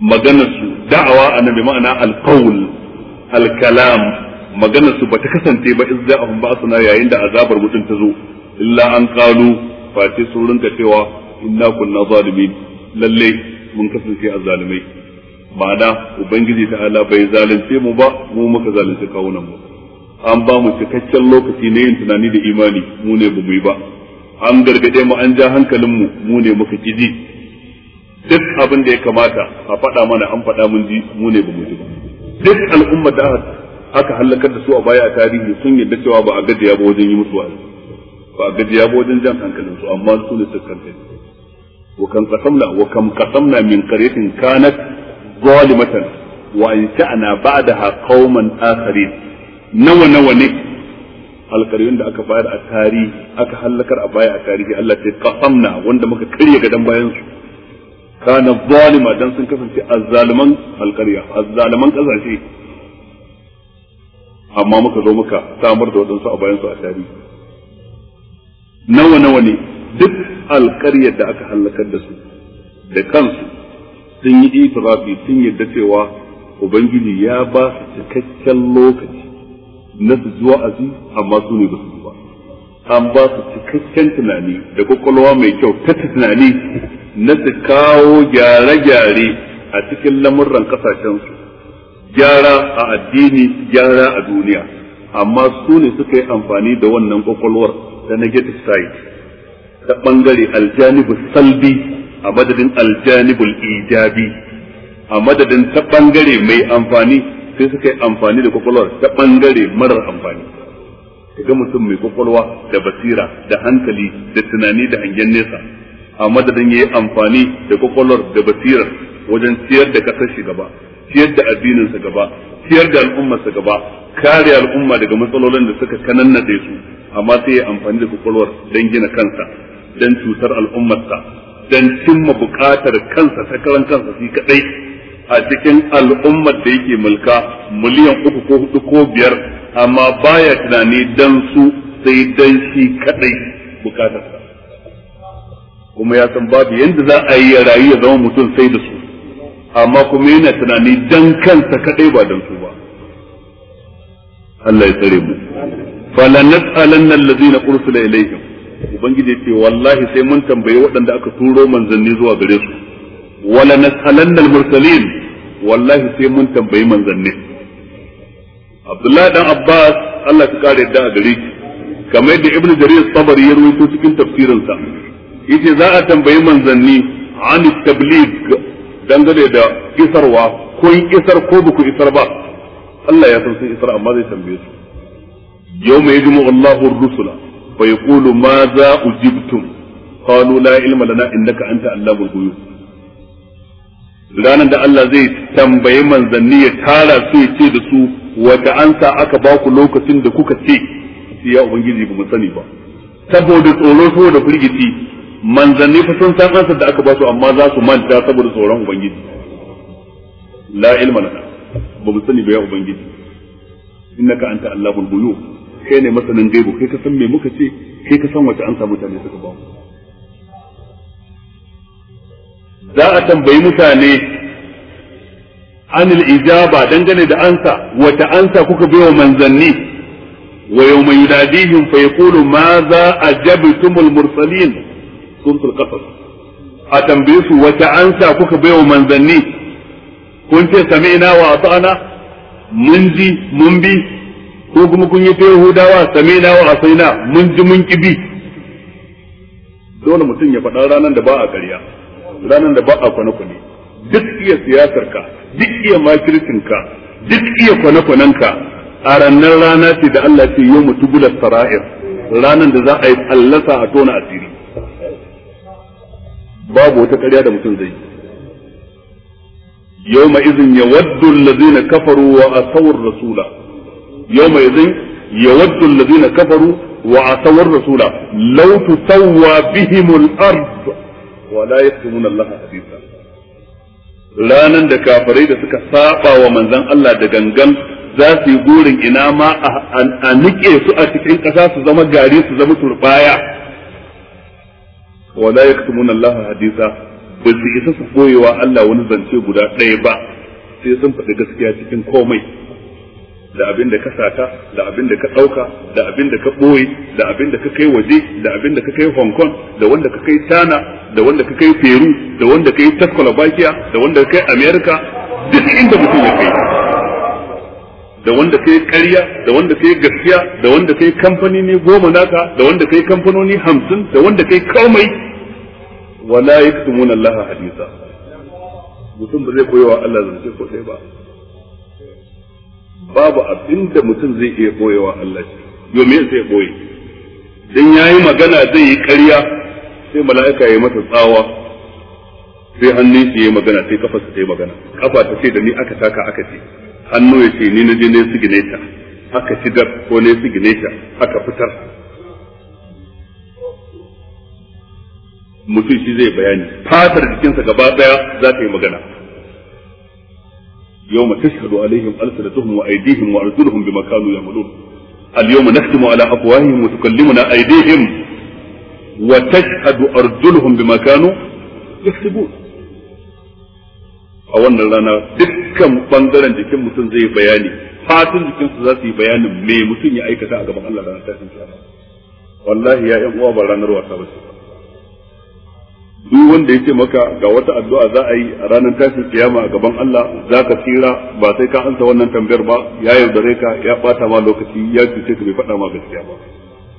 maganar su da'awa annabi ma'ana alqawl alkalam maganar su bata kasance ba idza ahum suna yayin da azabar mutun ta zo illa an qalu fa sun rinka cewa inna kunna zalimin lalle mun kasance azzalimai ma'ana ubangiji ta ala bai zalunce mu ba mu muka zalunce kawunan mu an ba mu cikakken lokaci na yin tunani da imani mu ne mu yi ba an gargade mu an ja hankalin mu mu ne muka kiji duk abin da ya kamata a faɗa mana an faɗa mun ji mu ne mu ji ba duk al'ummar da aka halakar da su a baya a tarihi sun yadda cewa ba a gajiya ba wajen yi musu wa'azi ba a gajiya ba wajen jan hankalin su amma su ne suka kai wa kan qasamna wa kam qasamna min qaryatin kanat zalimatan wa ansha'na ba'daha qauman akharin nawa nawa ne alkaryun da aka bayar a tarihi aka halakar a baya a tarihi Allah ce qasamna wanda muka karya gadan bayan su kana zalima dan sun kasance azzaluman alkarya azzaluman kasashe amma muka zo muka samar da waɗansu a bayansu a tarihi nawa nawa ne duk alƙaryar da aka hallakar da su da kansu sun yi itirafi sun yadda cewa ubangiji ya ba su cikakken lokaci na su zuwa zi, amma su ne ba su ba an ba su cikakken tunani da kwakwalwa mai kyau ta tunani na su kawo gyare-gyare a cikin lamurran kasashensu gyara a addini gyara a duniya amma su ne suka yi amfani da wannan kwakwalwar ta negative side ta bangare aljanibu salbi a madadin aljanibul ijabi a madadin ta bangare mai amfani sai suka yi amfani da kwakwalwar ta bangare marar amfani ga mutum mai kwakwalwa da basira da hankali da tunani da hangen nesa a madadin ya amfani da kwakwalwar da basirar wajen ciyar da kasar shi gaba ciyar da addininsa gaba siyar da al'ummarsa gaba kare al'umma daga matsalolin da suka kanannade su amma sai ya amfani da kwakwalwar don gina kansa don cutar al'ummarsa don cimma buƙatar kansa ta karan kansa shi kadai a cikin al'ummar da yake mulka miliyan uku ko hudu ko biyar amma baya tunani dan su sai dan shi kadai bukatarsa kuma ya san babu yadda za a yi ya rayu ya zama mutum sai da su amma kuma yana tunani dan kansa kadai ba dan su ba Allah ya tsare mu nas'alanna alladhina ursila ilayhim ubangiji ce wallahi sai mun tambaye waɗanda aka turo manzanni zuwa gare su wala nas'alanna almursalin mursalin wallahi sai mun tambayi manzanni Abdullahi dan Abbas Allah ka kare da a gare shi kamar yadda Ibn Jarir Tabari ya ruwaito cikin tafsirinsa yace za a tambayi manzanni an tabligh dangane da isarwa ko isar ko ba ku isar ba Allah ya san sun isar amma zai tambaye su yau mai jimu Allahu rusula fa yaqulu ma za ujibtum qalu la ilma lana innaka anta allamul ghuyub ranar da Allah zai tambayi manzanni ya tara su ya ce da su wata ansa aka ba ku lokacin da kuka ce ya ubangiji ba mu sani ba saboda tsoro saboda firgiti. manzanni fa sun san ansar da aka ba su amma za su manta saboda tsoron ubangiji la ilma lana ba mu sani ba ya ubangiji innaka anta allahul buyu kai ne masanin gaibu kai ka san me muka ce kai ka san wace ansa mutane suka ba mu za a tambayi mutane anil ijaba dangane da ansa wata ansa kuka bai wa manzanni wa yawma yunadihim fa yaqulu ma za ajabtumul mursalin suratul qasas a tambaye su wata ansa kuka baiwa manzanni kun ce sami'na wa ata'na mun ji mun bi ko kuma kun yi ta yahudawa sami'na wa asaina mun ji mun ki bi dole mutum ya faɗa ranar da ba a ƙarya ranar da ba a kwane-kwane duk iya siyasarka duk iya ka duk iya kwane ka a ranar rana ce da Allah ce yau mutu bular sara'ir ranar da za a yi tsallasa a tona asiri babu wata ƙarya da mutum zai Yau yawma izin ya yawaddu lazina kafaru wa asawur rasula yawma izin ya yawaddu lazina kafaru wa asawur rasula law tusawwa bihimul ard wa la yahtumuna allaha hadisa ranan da kafirai da suka saba wa Manzan Allah da gangan za su yi gurin ina ma a nike su a cikin ƙasa su zama gari su zama turbaya wala yaktumuna Allah haditha ba su isa su koyewa Allah wani zance guda ɗaya ba sai sun faɗi gaskiya cikin komai da abin da ka sata da abin da ka ɗauka da abin da ka ɓoye da abin da ka kai waje da abin da ka kai hong kong da wanda ka kai tana da wanda ka kai peru da wanda ka yi da wanda ka kai america duk inda mutum ya kai da wanda kai ƙarya da wanda kai gaskiya da wanda kai kamfani ne goma naka da wanda kai kamfanoni hamsin da wanda kai kaumai wala yaktumuna Allah hadisa mutum ba zai koyi wa Allah zance ko sai ba babu abinda mutum zai iya koyewa Allah shi yo me zai koyi dan yayi magana zai yi ƙarya sai mala'ika ya masa tsawa sai hannun shi ya magana sai kafarsa ta yi magana kafa ta ce da ni aka taka aka ce hannu ya ce ni na je ne su gine ta aka shigar ko ne su gine ta aka fitar mutum shi zai bayani fatar jikinsa gaba daya za ta yi magana يوم تشهد عليهم ألسنتهم وأيديهم وأرجلهم بما كانوا يعملون اليوم نختم على أفواههم وتكلمنا أيديهم وتشهد أرجلهم بما كانوا يكسبون a wannan rana dukkan bangaren jikin mutum zai bayani jikin su za su yi bayanin me mutum ya aikata a gaban Allah ranar tashin kiyama wallahi ya yan uwa ba ranar wasa ba duk wanda ya ce maka ga wata addu'a za a yi a ranar tashin kiyama a gaban Allah za ka tsira ba sai ka ansa wannan tambayar ba ya yaudare ka ya bata ma lokaci ya cuce ka bai faɗa ma gaskiya ba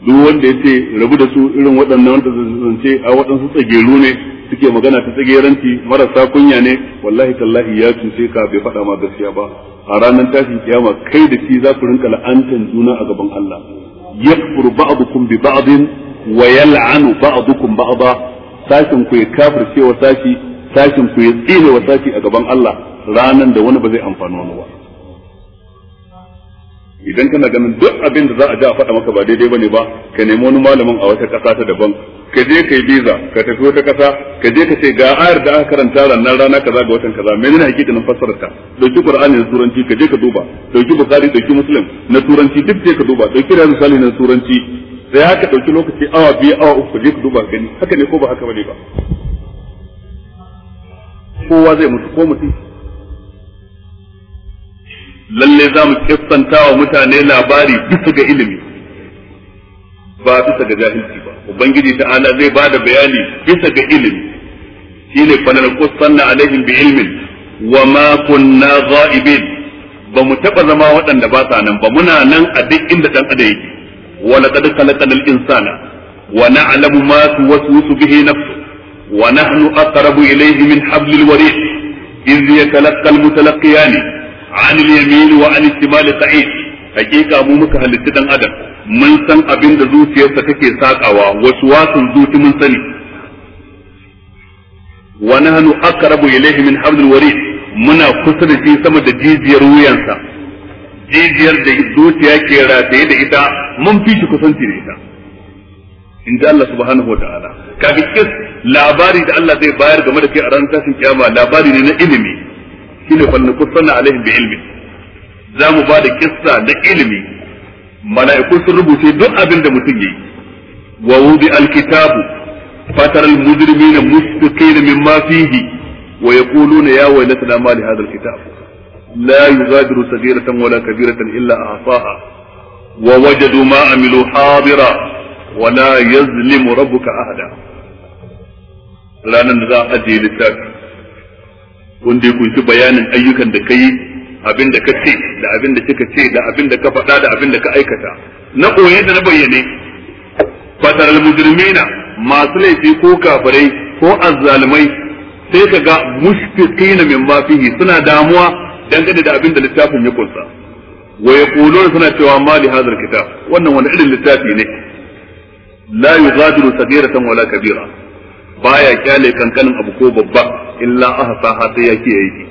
duk wanda ya ce rabu da su irin waɗannan wanda zance a waɗansu tsageru ne suke magana ta tsageranci marasa kunya ne wallahi tallahi ya cuce ka bai faɗa ma gaskiya ba a ranar tashin kiyama kai da shi za ku rinka la'antan juna a gaban Allah yakfur ba'dukum bi ba'din wa yal'anu ba'dukum ba'da sashin ku ya kafirce cewa sashi sashin ku ya tsine wa sashi a gaban Allah ranan da wani ba zai amfani wani ba idan kana ganin duk abin da za a ji a faɗa maka ba daidai bane ba ka nemi wani malamin a wata ƙasa ta daban ka je ka yi biza ka tafi wata ƙasa ka je ka ce ga ayar da aka karanta ranar rana kaza ga watan kaza menene hakikanin fassarar ta dauki qur'ani na turanci ka je ka duba dauki bukhari dauki muslim na turanci duk je ka duba dauki da misali na turanci sai haka dauki lokaci awa biyu awa uku je ka duba gani haka ne ko ba haka bane ba kowa zai mutu ko mutum lalle za mu kissanta wa mutane labari bisa ga ilimi ba bisa ga jahilci ba ubangiji ta'ala zai ba da bayani bisa ga ilimi shine falal qussanna alaihim bi ilmin wa ma kunna ghaibin ba mu taba zama waɗanda ba sa nan ba muna nan a duk inda dan adam yake wa laqad khalaqal insana wa na'lamu ma tuwaswisu bihi nafsu wa nahnu aqrabu ilayhi min hablil warid إذ يتلقى المتلقيان an yamin wa an shimal qa'id hakika mu muka halitta dan adam mun san abin da zuciyarsa take sakawa wasu wasun zuci mun sani wa nahnu aqrabu ilayhi min hablil muna kusa da shi sama da jijiyar wuyansa jijiyar da zuciya ke rataye da ita mun fi shi kusanci da ita Allah subhanahu wa ta'ala kaga kis labari da Allah zai bayar game da kai a tashin kiyama labari ne na ilimi shine fannu kusanna alaihim bi ilmi za mu ba da kissa da ilimi mala'iku sun rubuce duk abin da mutum yayi wa wudi alkitabu fatar almujrimina mushfiqina mimma fihi wa yaquluna ya waylatana ma li hadha alkitab la yughadiru saghiratan wala kabiratan illa ahsaha wa wajadu ma amilu hadira mu yazlimu rabbuka ahada ranan da za a ajiye littafi wanda ya kunshi bayanin ayyukan da kai abin da ka ce da abin da kika ce da abin da ka faɗa da abin da ka aikata na koye da na bayyane al mujrimina masu laifi ko kafirai ko azzalumai sai ka ga mushfiqina mai fihi suna damuwa dangane da abin da littafin ya kunsa wa yaquluna suna cewa ma li hadhal kitab wannan wani irin littafi ne la yughadiru sadiratan wala kabira baya kyale kankanin abu ko babba illa ahsaha sai ya kiyaye yi.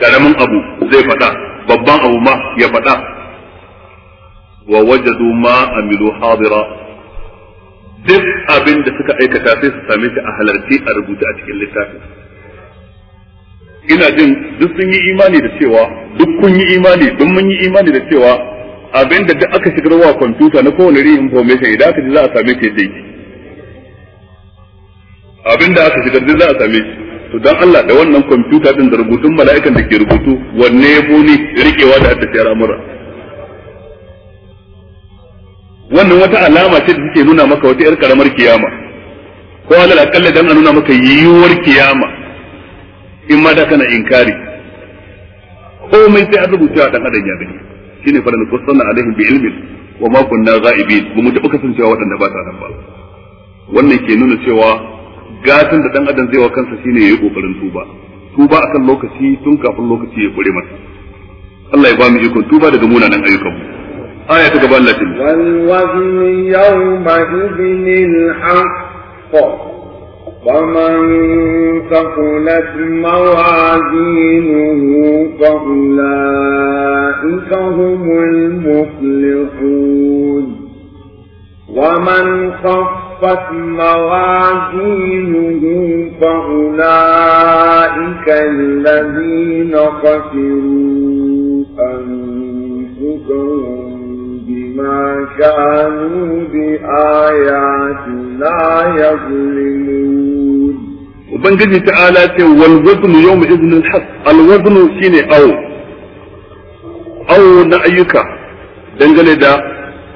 karamin abu zai faɗa babban abu ma ya faɗa wa wajadu ma amilu hadira duk abin da suka aikata sai su same shi a halarci a rubuta a cikin littafin ina jin duk sun yi imani da cewa duk kun yi imani duk mun yi imani da cewa abin da duk aka shigar wa kwamfuta na kowane rin information idan aka ji za a same shi yadda yake abin da aka shigar za a same shi to dan Allah da wannan kwamfuta din da rubutun mala'ikan da ke rubutu wanne ya boni rikewa da haddace al'amura wannan wata alama ce da take nuna maka wata yar karamar kiyama ko alal akalla dan nuna maka yiwuwar kiyama in ma da kana inkari komai sai an rubuta dan adam ya gani shine fara ne kusanna alaihim bi ilmin wa ma kunna ghaibin mu taɓa kasancewa wadanda ba ta nan ba wannan ke nuna cewa gatan da dan adam zai wa kansa shine yayi kokarin tuba tuba akan lokaci tun kafin lokaci ya kure mata. Allah ya ba mu ikon tuba daga munanan mu aya ta gaba Allah wal wazn yawma idhnil haqq ومن ثقلت موازينه فأولئك muflihun wa man khaf خفت موازينه فأولئك الذين خسروا أنفسهم بما كانوا بآياتنا يظلمون وبنجي تعالى والوزن يوم إذن الحق الوزن شيني أو أو نأيك دنجل دا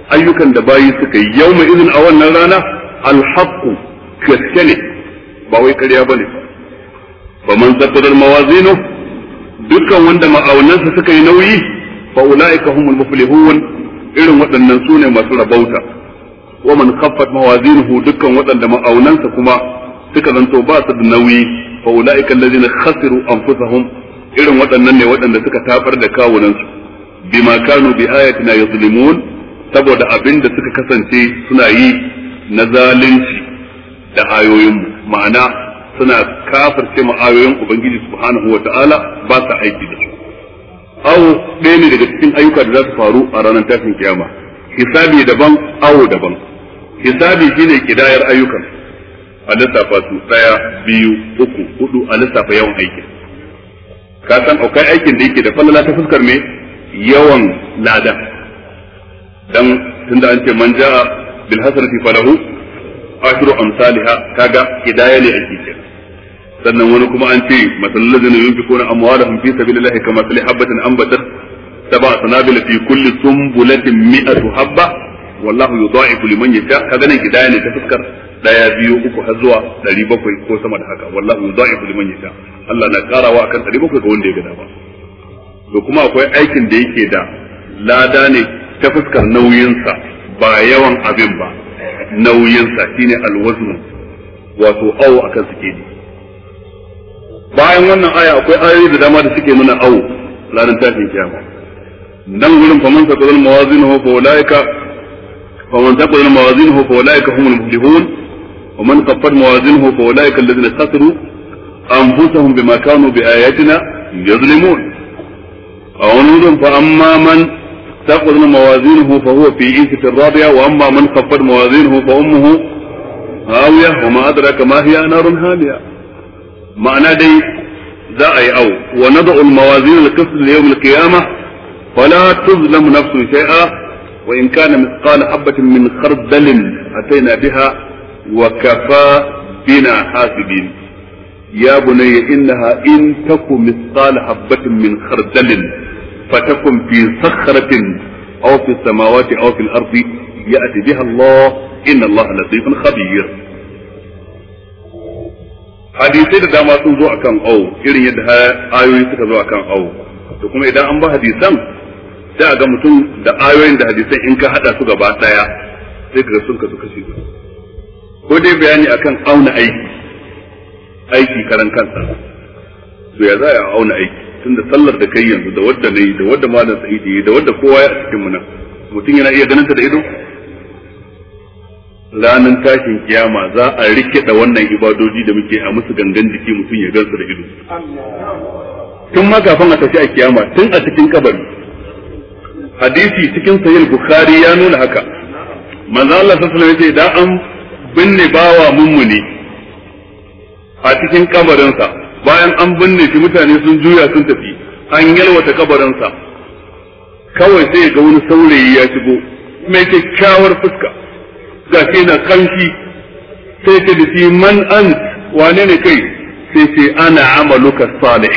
ayyukan da bayi suka yi yau mai izin a wannan rana alhaqqu gaske ne ba wai ba ne ba man tsakkadar mawazinu dukkan wanda ma'aunansa suka yi nauyi fa ulaika humul muflihun irin waɗannan su ne masu rabauta wa man khaffat mawazinuhu dukkan waɗanda ma'aunansa kuma suka zanto ba su da nauyi fa ulaika allazina khasiru anfusahum irin waɗannan ne waɗanda suka tabar da kawunansu bima kanu bi ayatina yuzlimun saboda abin da suka kasance suna yi na zalunci da ayoyinmu ma'ana suna kafirce mu ayoyin ubangiji subhanahu wata'ala ba sa aiki da su awo ɗaya ne daga cikin ayyuka da za su faru a ranar tashin kiyama hisabi daban awo daban hisabi shine kidayar ayyukan a lissafa su ɗaya biyu uku hudu a lissafa yawan aikin ka san akwai aikin da yake da falala ta fuskar me yawan lada dan tunda an ce man ja'a bil hasanati falahu ashru amsalha kaga hidaya ne ake kira sannan wani kuma an ce masalul ladina yunfiquna amwalahum fi sabilillahi kama sali habatin ambatat sab'a sanabil fi kulli sumbulatin mi'atu habba wallahu yudha'ifu liman Ka kaga nan daya ne ta fuskar daya biyu uku har zuwa ɗari bakwai ko sama da haka wallahu yudha'ifu liman yasha Allah na karawa akan ɗari bakwai ga wanda ya gada ba. to kuma akwai aikin da yake da lada ne ta fuskar nauyinsa ba yawan abin ba nauyinsa shine alwaznu wato awo akan sikeli bayan wannan aya akwai ayoyi da dama da suke nuna awo ranar tashin kiyama nan gurin faman saqal fa ulaika faman fa ulaika humul muflihun wa man qaffat fa ulaika alladhina khasiru anfusahum bima kanu bi ayatina yuzlimun a wani gurin fa amma man تأخذ موازينه فهو في عيسة الرابعة وأما من خفت موازينه فأمه هاوية وما أدراك ما هي نار هامية معنى دي ذا أي أو ونضع الموازين القسط ليوم القيامة فلا تظلم نفس شيئا وإن كان مثقال حبة من خردل أتينا بها وكفى بنا حاسبين يا بني إنها إن تك مثقال حبة من خردل فتكن في صخرة أو في السماوات أو في الأرض يأتي بها الله إن الله لطيف خبير hadisai da dama sun zo akan au irin yadda ayoyi suka zo akan au to kuma idan an ba hadisan sai a ga mutum da ayoyin da hadisan in ka hada su gaba daya sai ka sun kasu kashi ko dai bayani akan auna aiki aiki karan kansa a auna aiki da sallar da kai yanzu da wadda nayi da wadda malam sa'idi da wadda kowa ya cikin mu nan mutum yana iya ganin ta da ido ranar tashin kiyama za a rikida wannan ibadoji da muke a musu gangan jiki mutum ya gansa da ido tun ma kafin a tafi a kiyama tun a cikin kabari hadisi cikin sahih bukhari ya nuna haka manzo Allah sallallahu alaihi wasallam ya ce da an binne bawa mummuni a cikin kabarinsa bayan an binne shi mutane sun juya sun tafi an yalwata kabarinsa kawai sai ga wani saurayi ya shigo mai kyakkyawar fuska ga shi na kanshi sai ta dace man an wane ne kai sai ce ana amaluka salih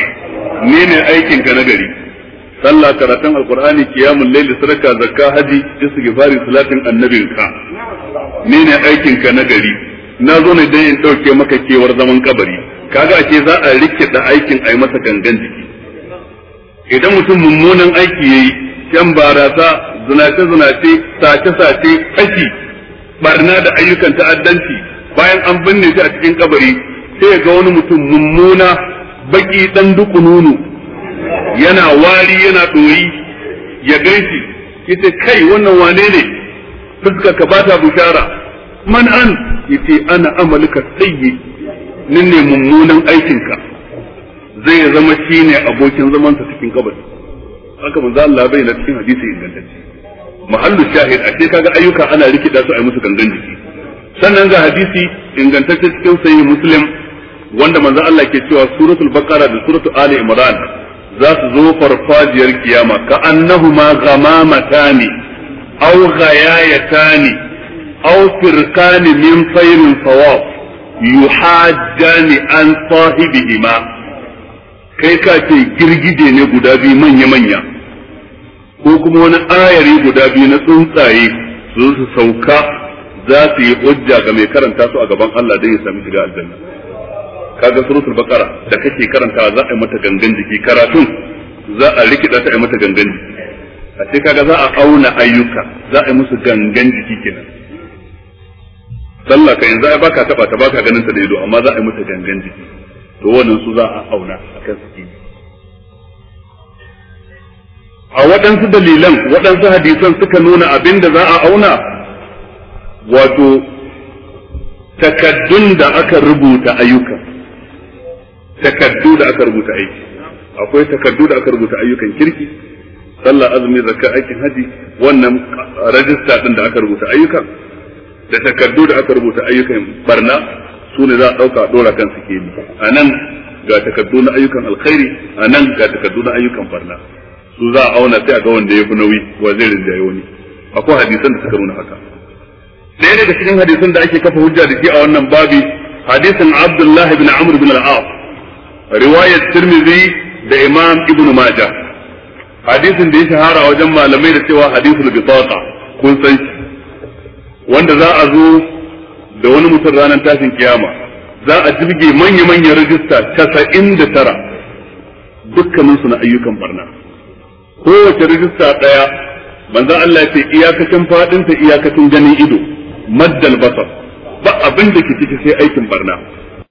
ne ne aikin ka na gari sallah karatun alqur'ani qiyamul layl sadaka zakka haji istighfari salatin annabin ka ne ne aikin ka na gari na zo ne dan in dauke maka kewar zaman kabari kaga a ce za a da aikin a masa gangan jiki idan mutum mummunan aiki yayi shan barasa zinace zinace sace sace kashi barna da ayyukan ta'addanci bayan an binne shi a cikin kabari sai ga wani mutum mummuna baki dan dukununu yana wari yana doyi ya gaishe yace kai wannan wane ne fuskar ka bata bushara man an yace ana amalika sayyi nan ne mummunan aikinka zai zama shi ne abokin zamansa cikin kabari haka za Allah bai na cikin hadisi ingantacce mahallu shahid ce kaga ayyuka ana rikida su a yi musu gangan jiki sannan ga hadisi ingantacce cikin sahih muslim wanda manzo Allah ke cewa suratul baqara da suratul ali imran za su zo farfajiyar kiyama ka annahuma ghamamatan aw ghayayatani aw firqani min fayrin fawaf yuhajjani an sahibihima kai ka ce girgije ne guda biyu manya manya ko kuma wani ayari guda biyu na tsuntsaye su su sauka za su yi hujja ga mai karanta su a gaban Allah da ya sami shiga aljanna kaga suratul baqara da kake karanta za a yi mata gangan jiki karatun za a rikida ta yi mata gangan jiki a ce kaga za a auna ayyuka za a yi musu gangan jiki kenan sallah ka yanzu ai baka taba ta baka ganin ta da ido amma za a yi mata gangan jiki to wannan su za a auna a kan su a waɗansu dalilan waɗansu hadisan suka nuna abin da za a auna wato takaddun da aka rubuta ayyuka takaddu da aka rubuta aiki akwai takaddu da aka rubuta ayyukan kirki sallah azumi zakka aikin haji wannan rajista din da aka rubuta ayyukan da takardu da aka rubuta ayyukan barna su ne za a ɗauka a ɗora kan sikeli a nan ga takardu na ayyukan alkhairi a nan ga takardu na ayyukan barna su za a auna sai a ga wanda ya fi nauyi wa zai rinjaye wani akwai hadisan da suka nuna haka ɗaya da cikin hadisan da ake kafa hujja da shi a wannan babi hadisan Abdullah ibn Amr ibn al-As riwayat Tirmidhi da Imam Ibn Majah hadisin da ya shahara wajen malamai da cewa hadisul bitaqa kun san shi wanda za a zo da wani mutum ranar tashin kiyama za a jirge manya-manyan rajista casa'in da tara dukkaninsu na ayyukan barna kowace rajista ɗaya manzan Allah ce iyakacin faɗinta iyakacin ganin ido maddal basar ba abin da ke ciki sai aikin barna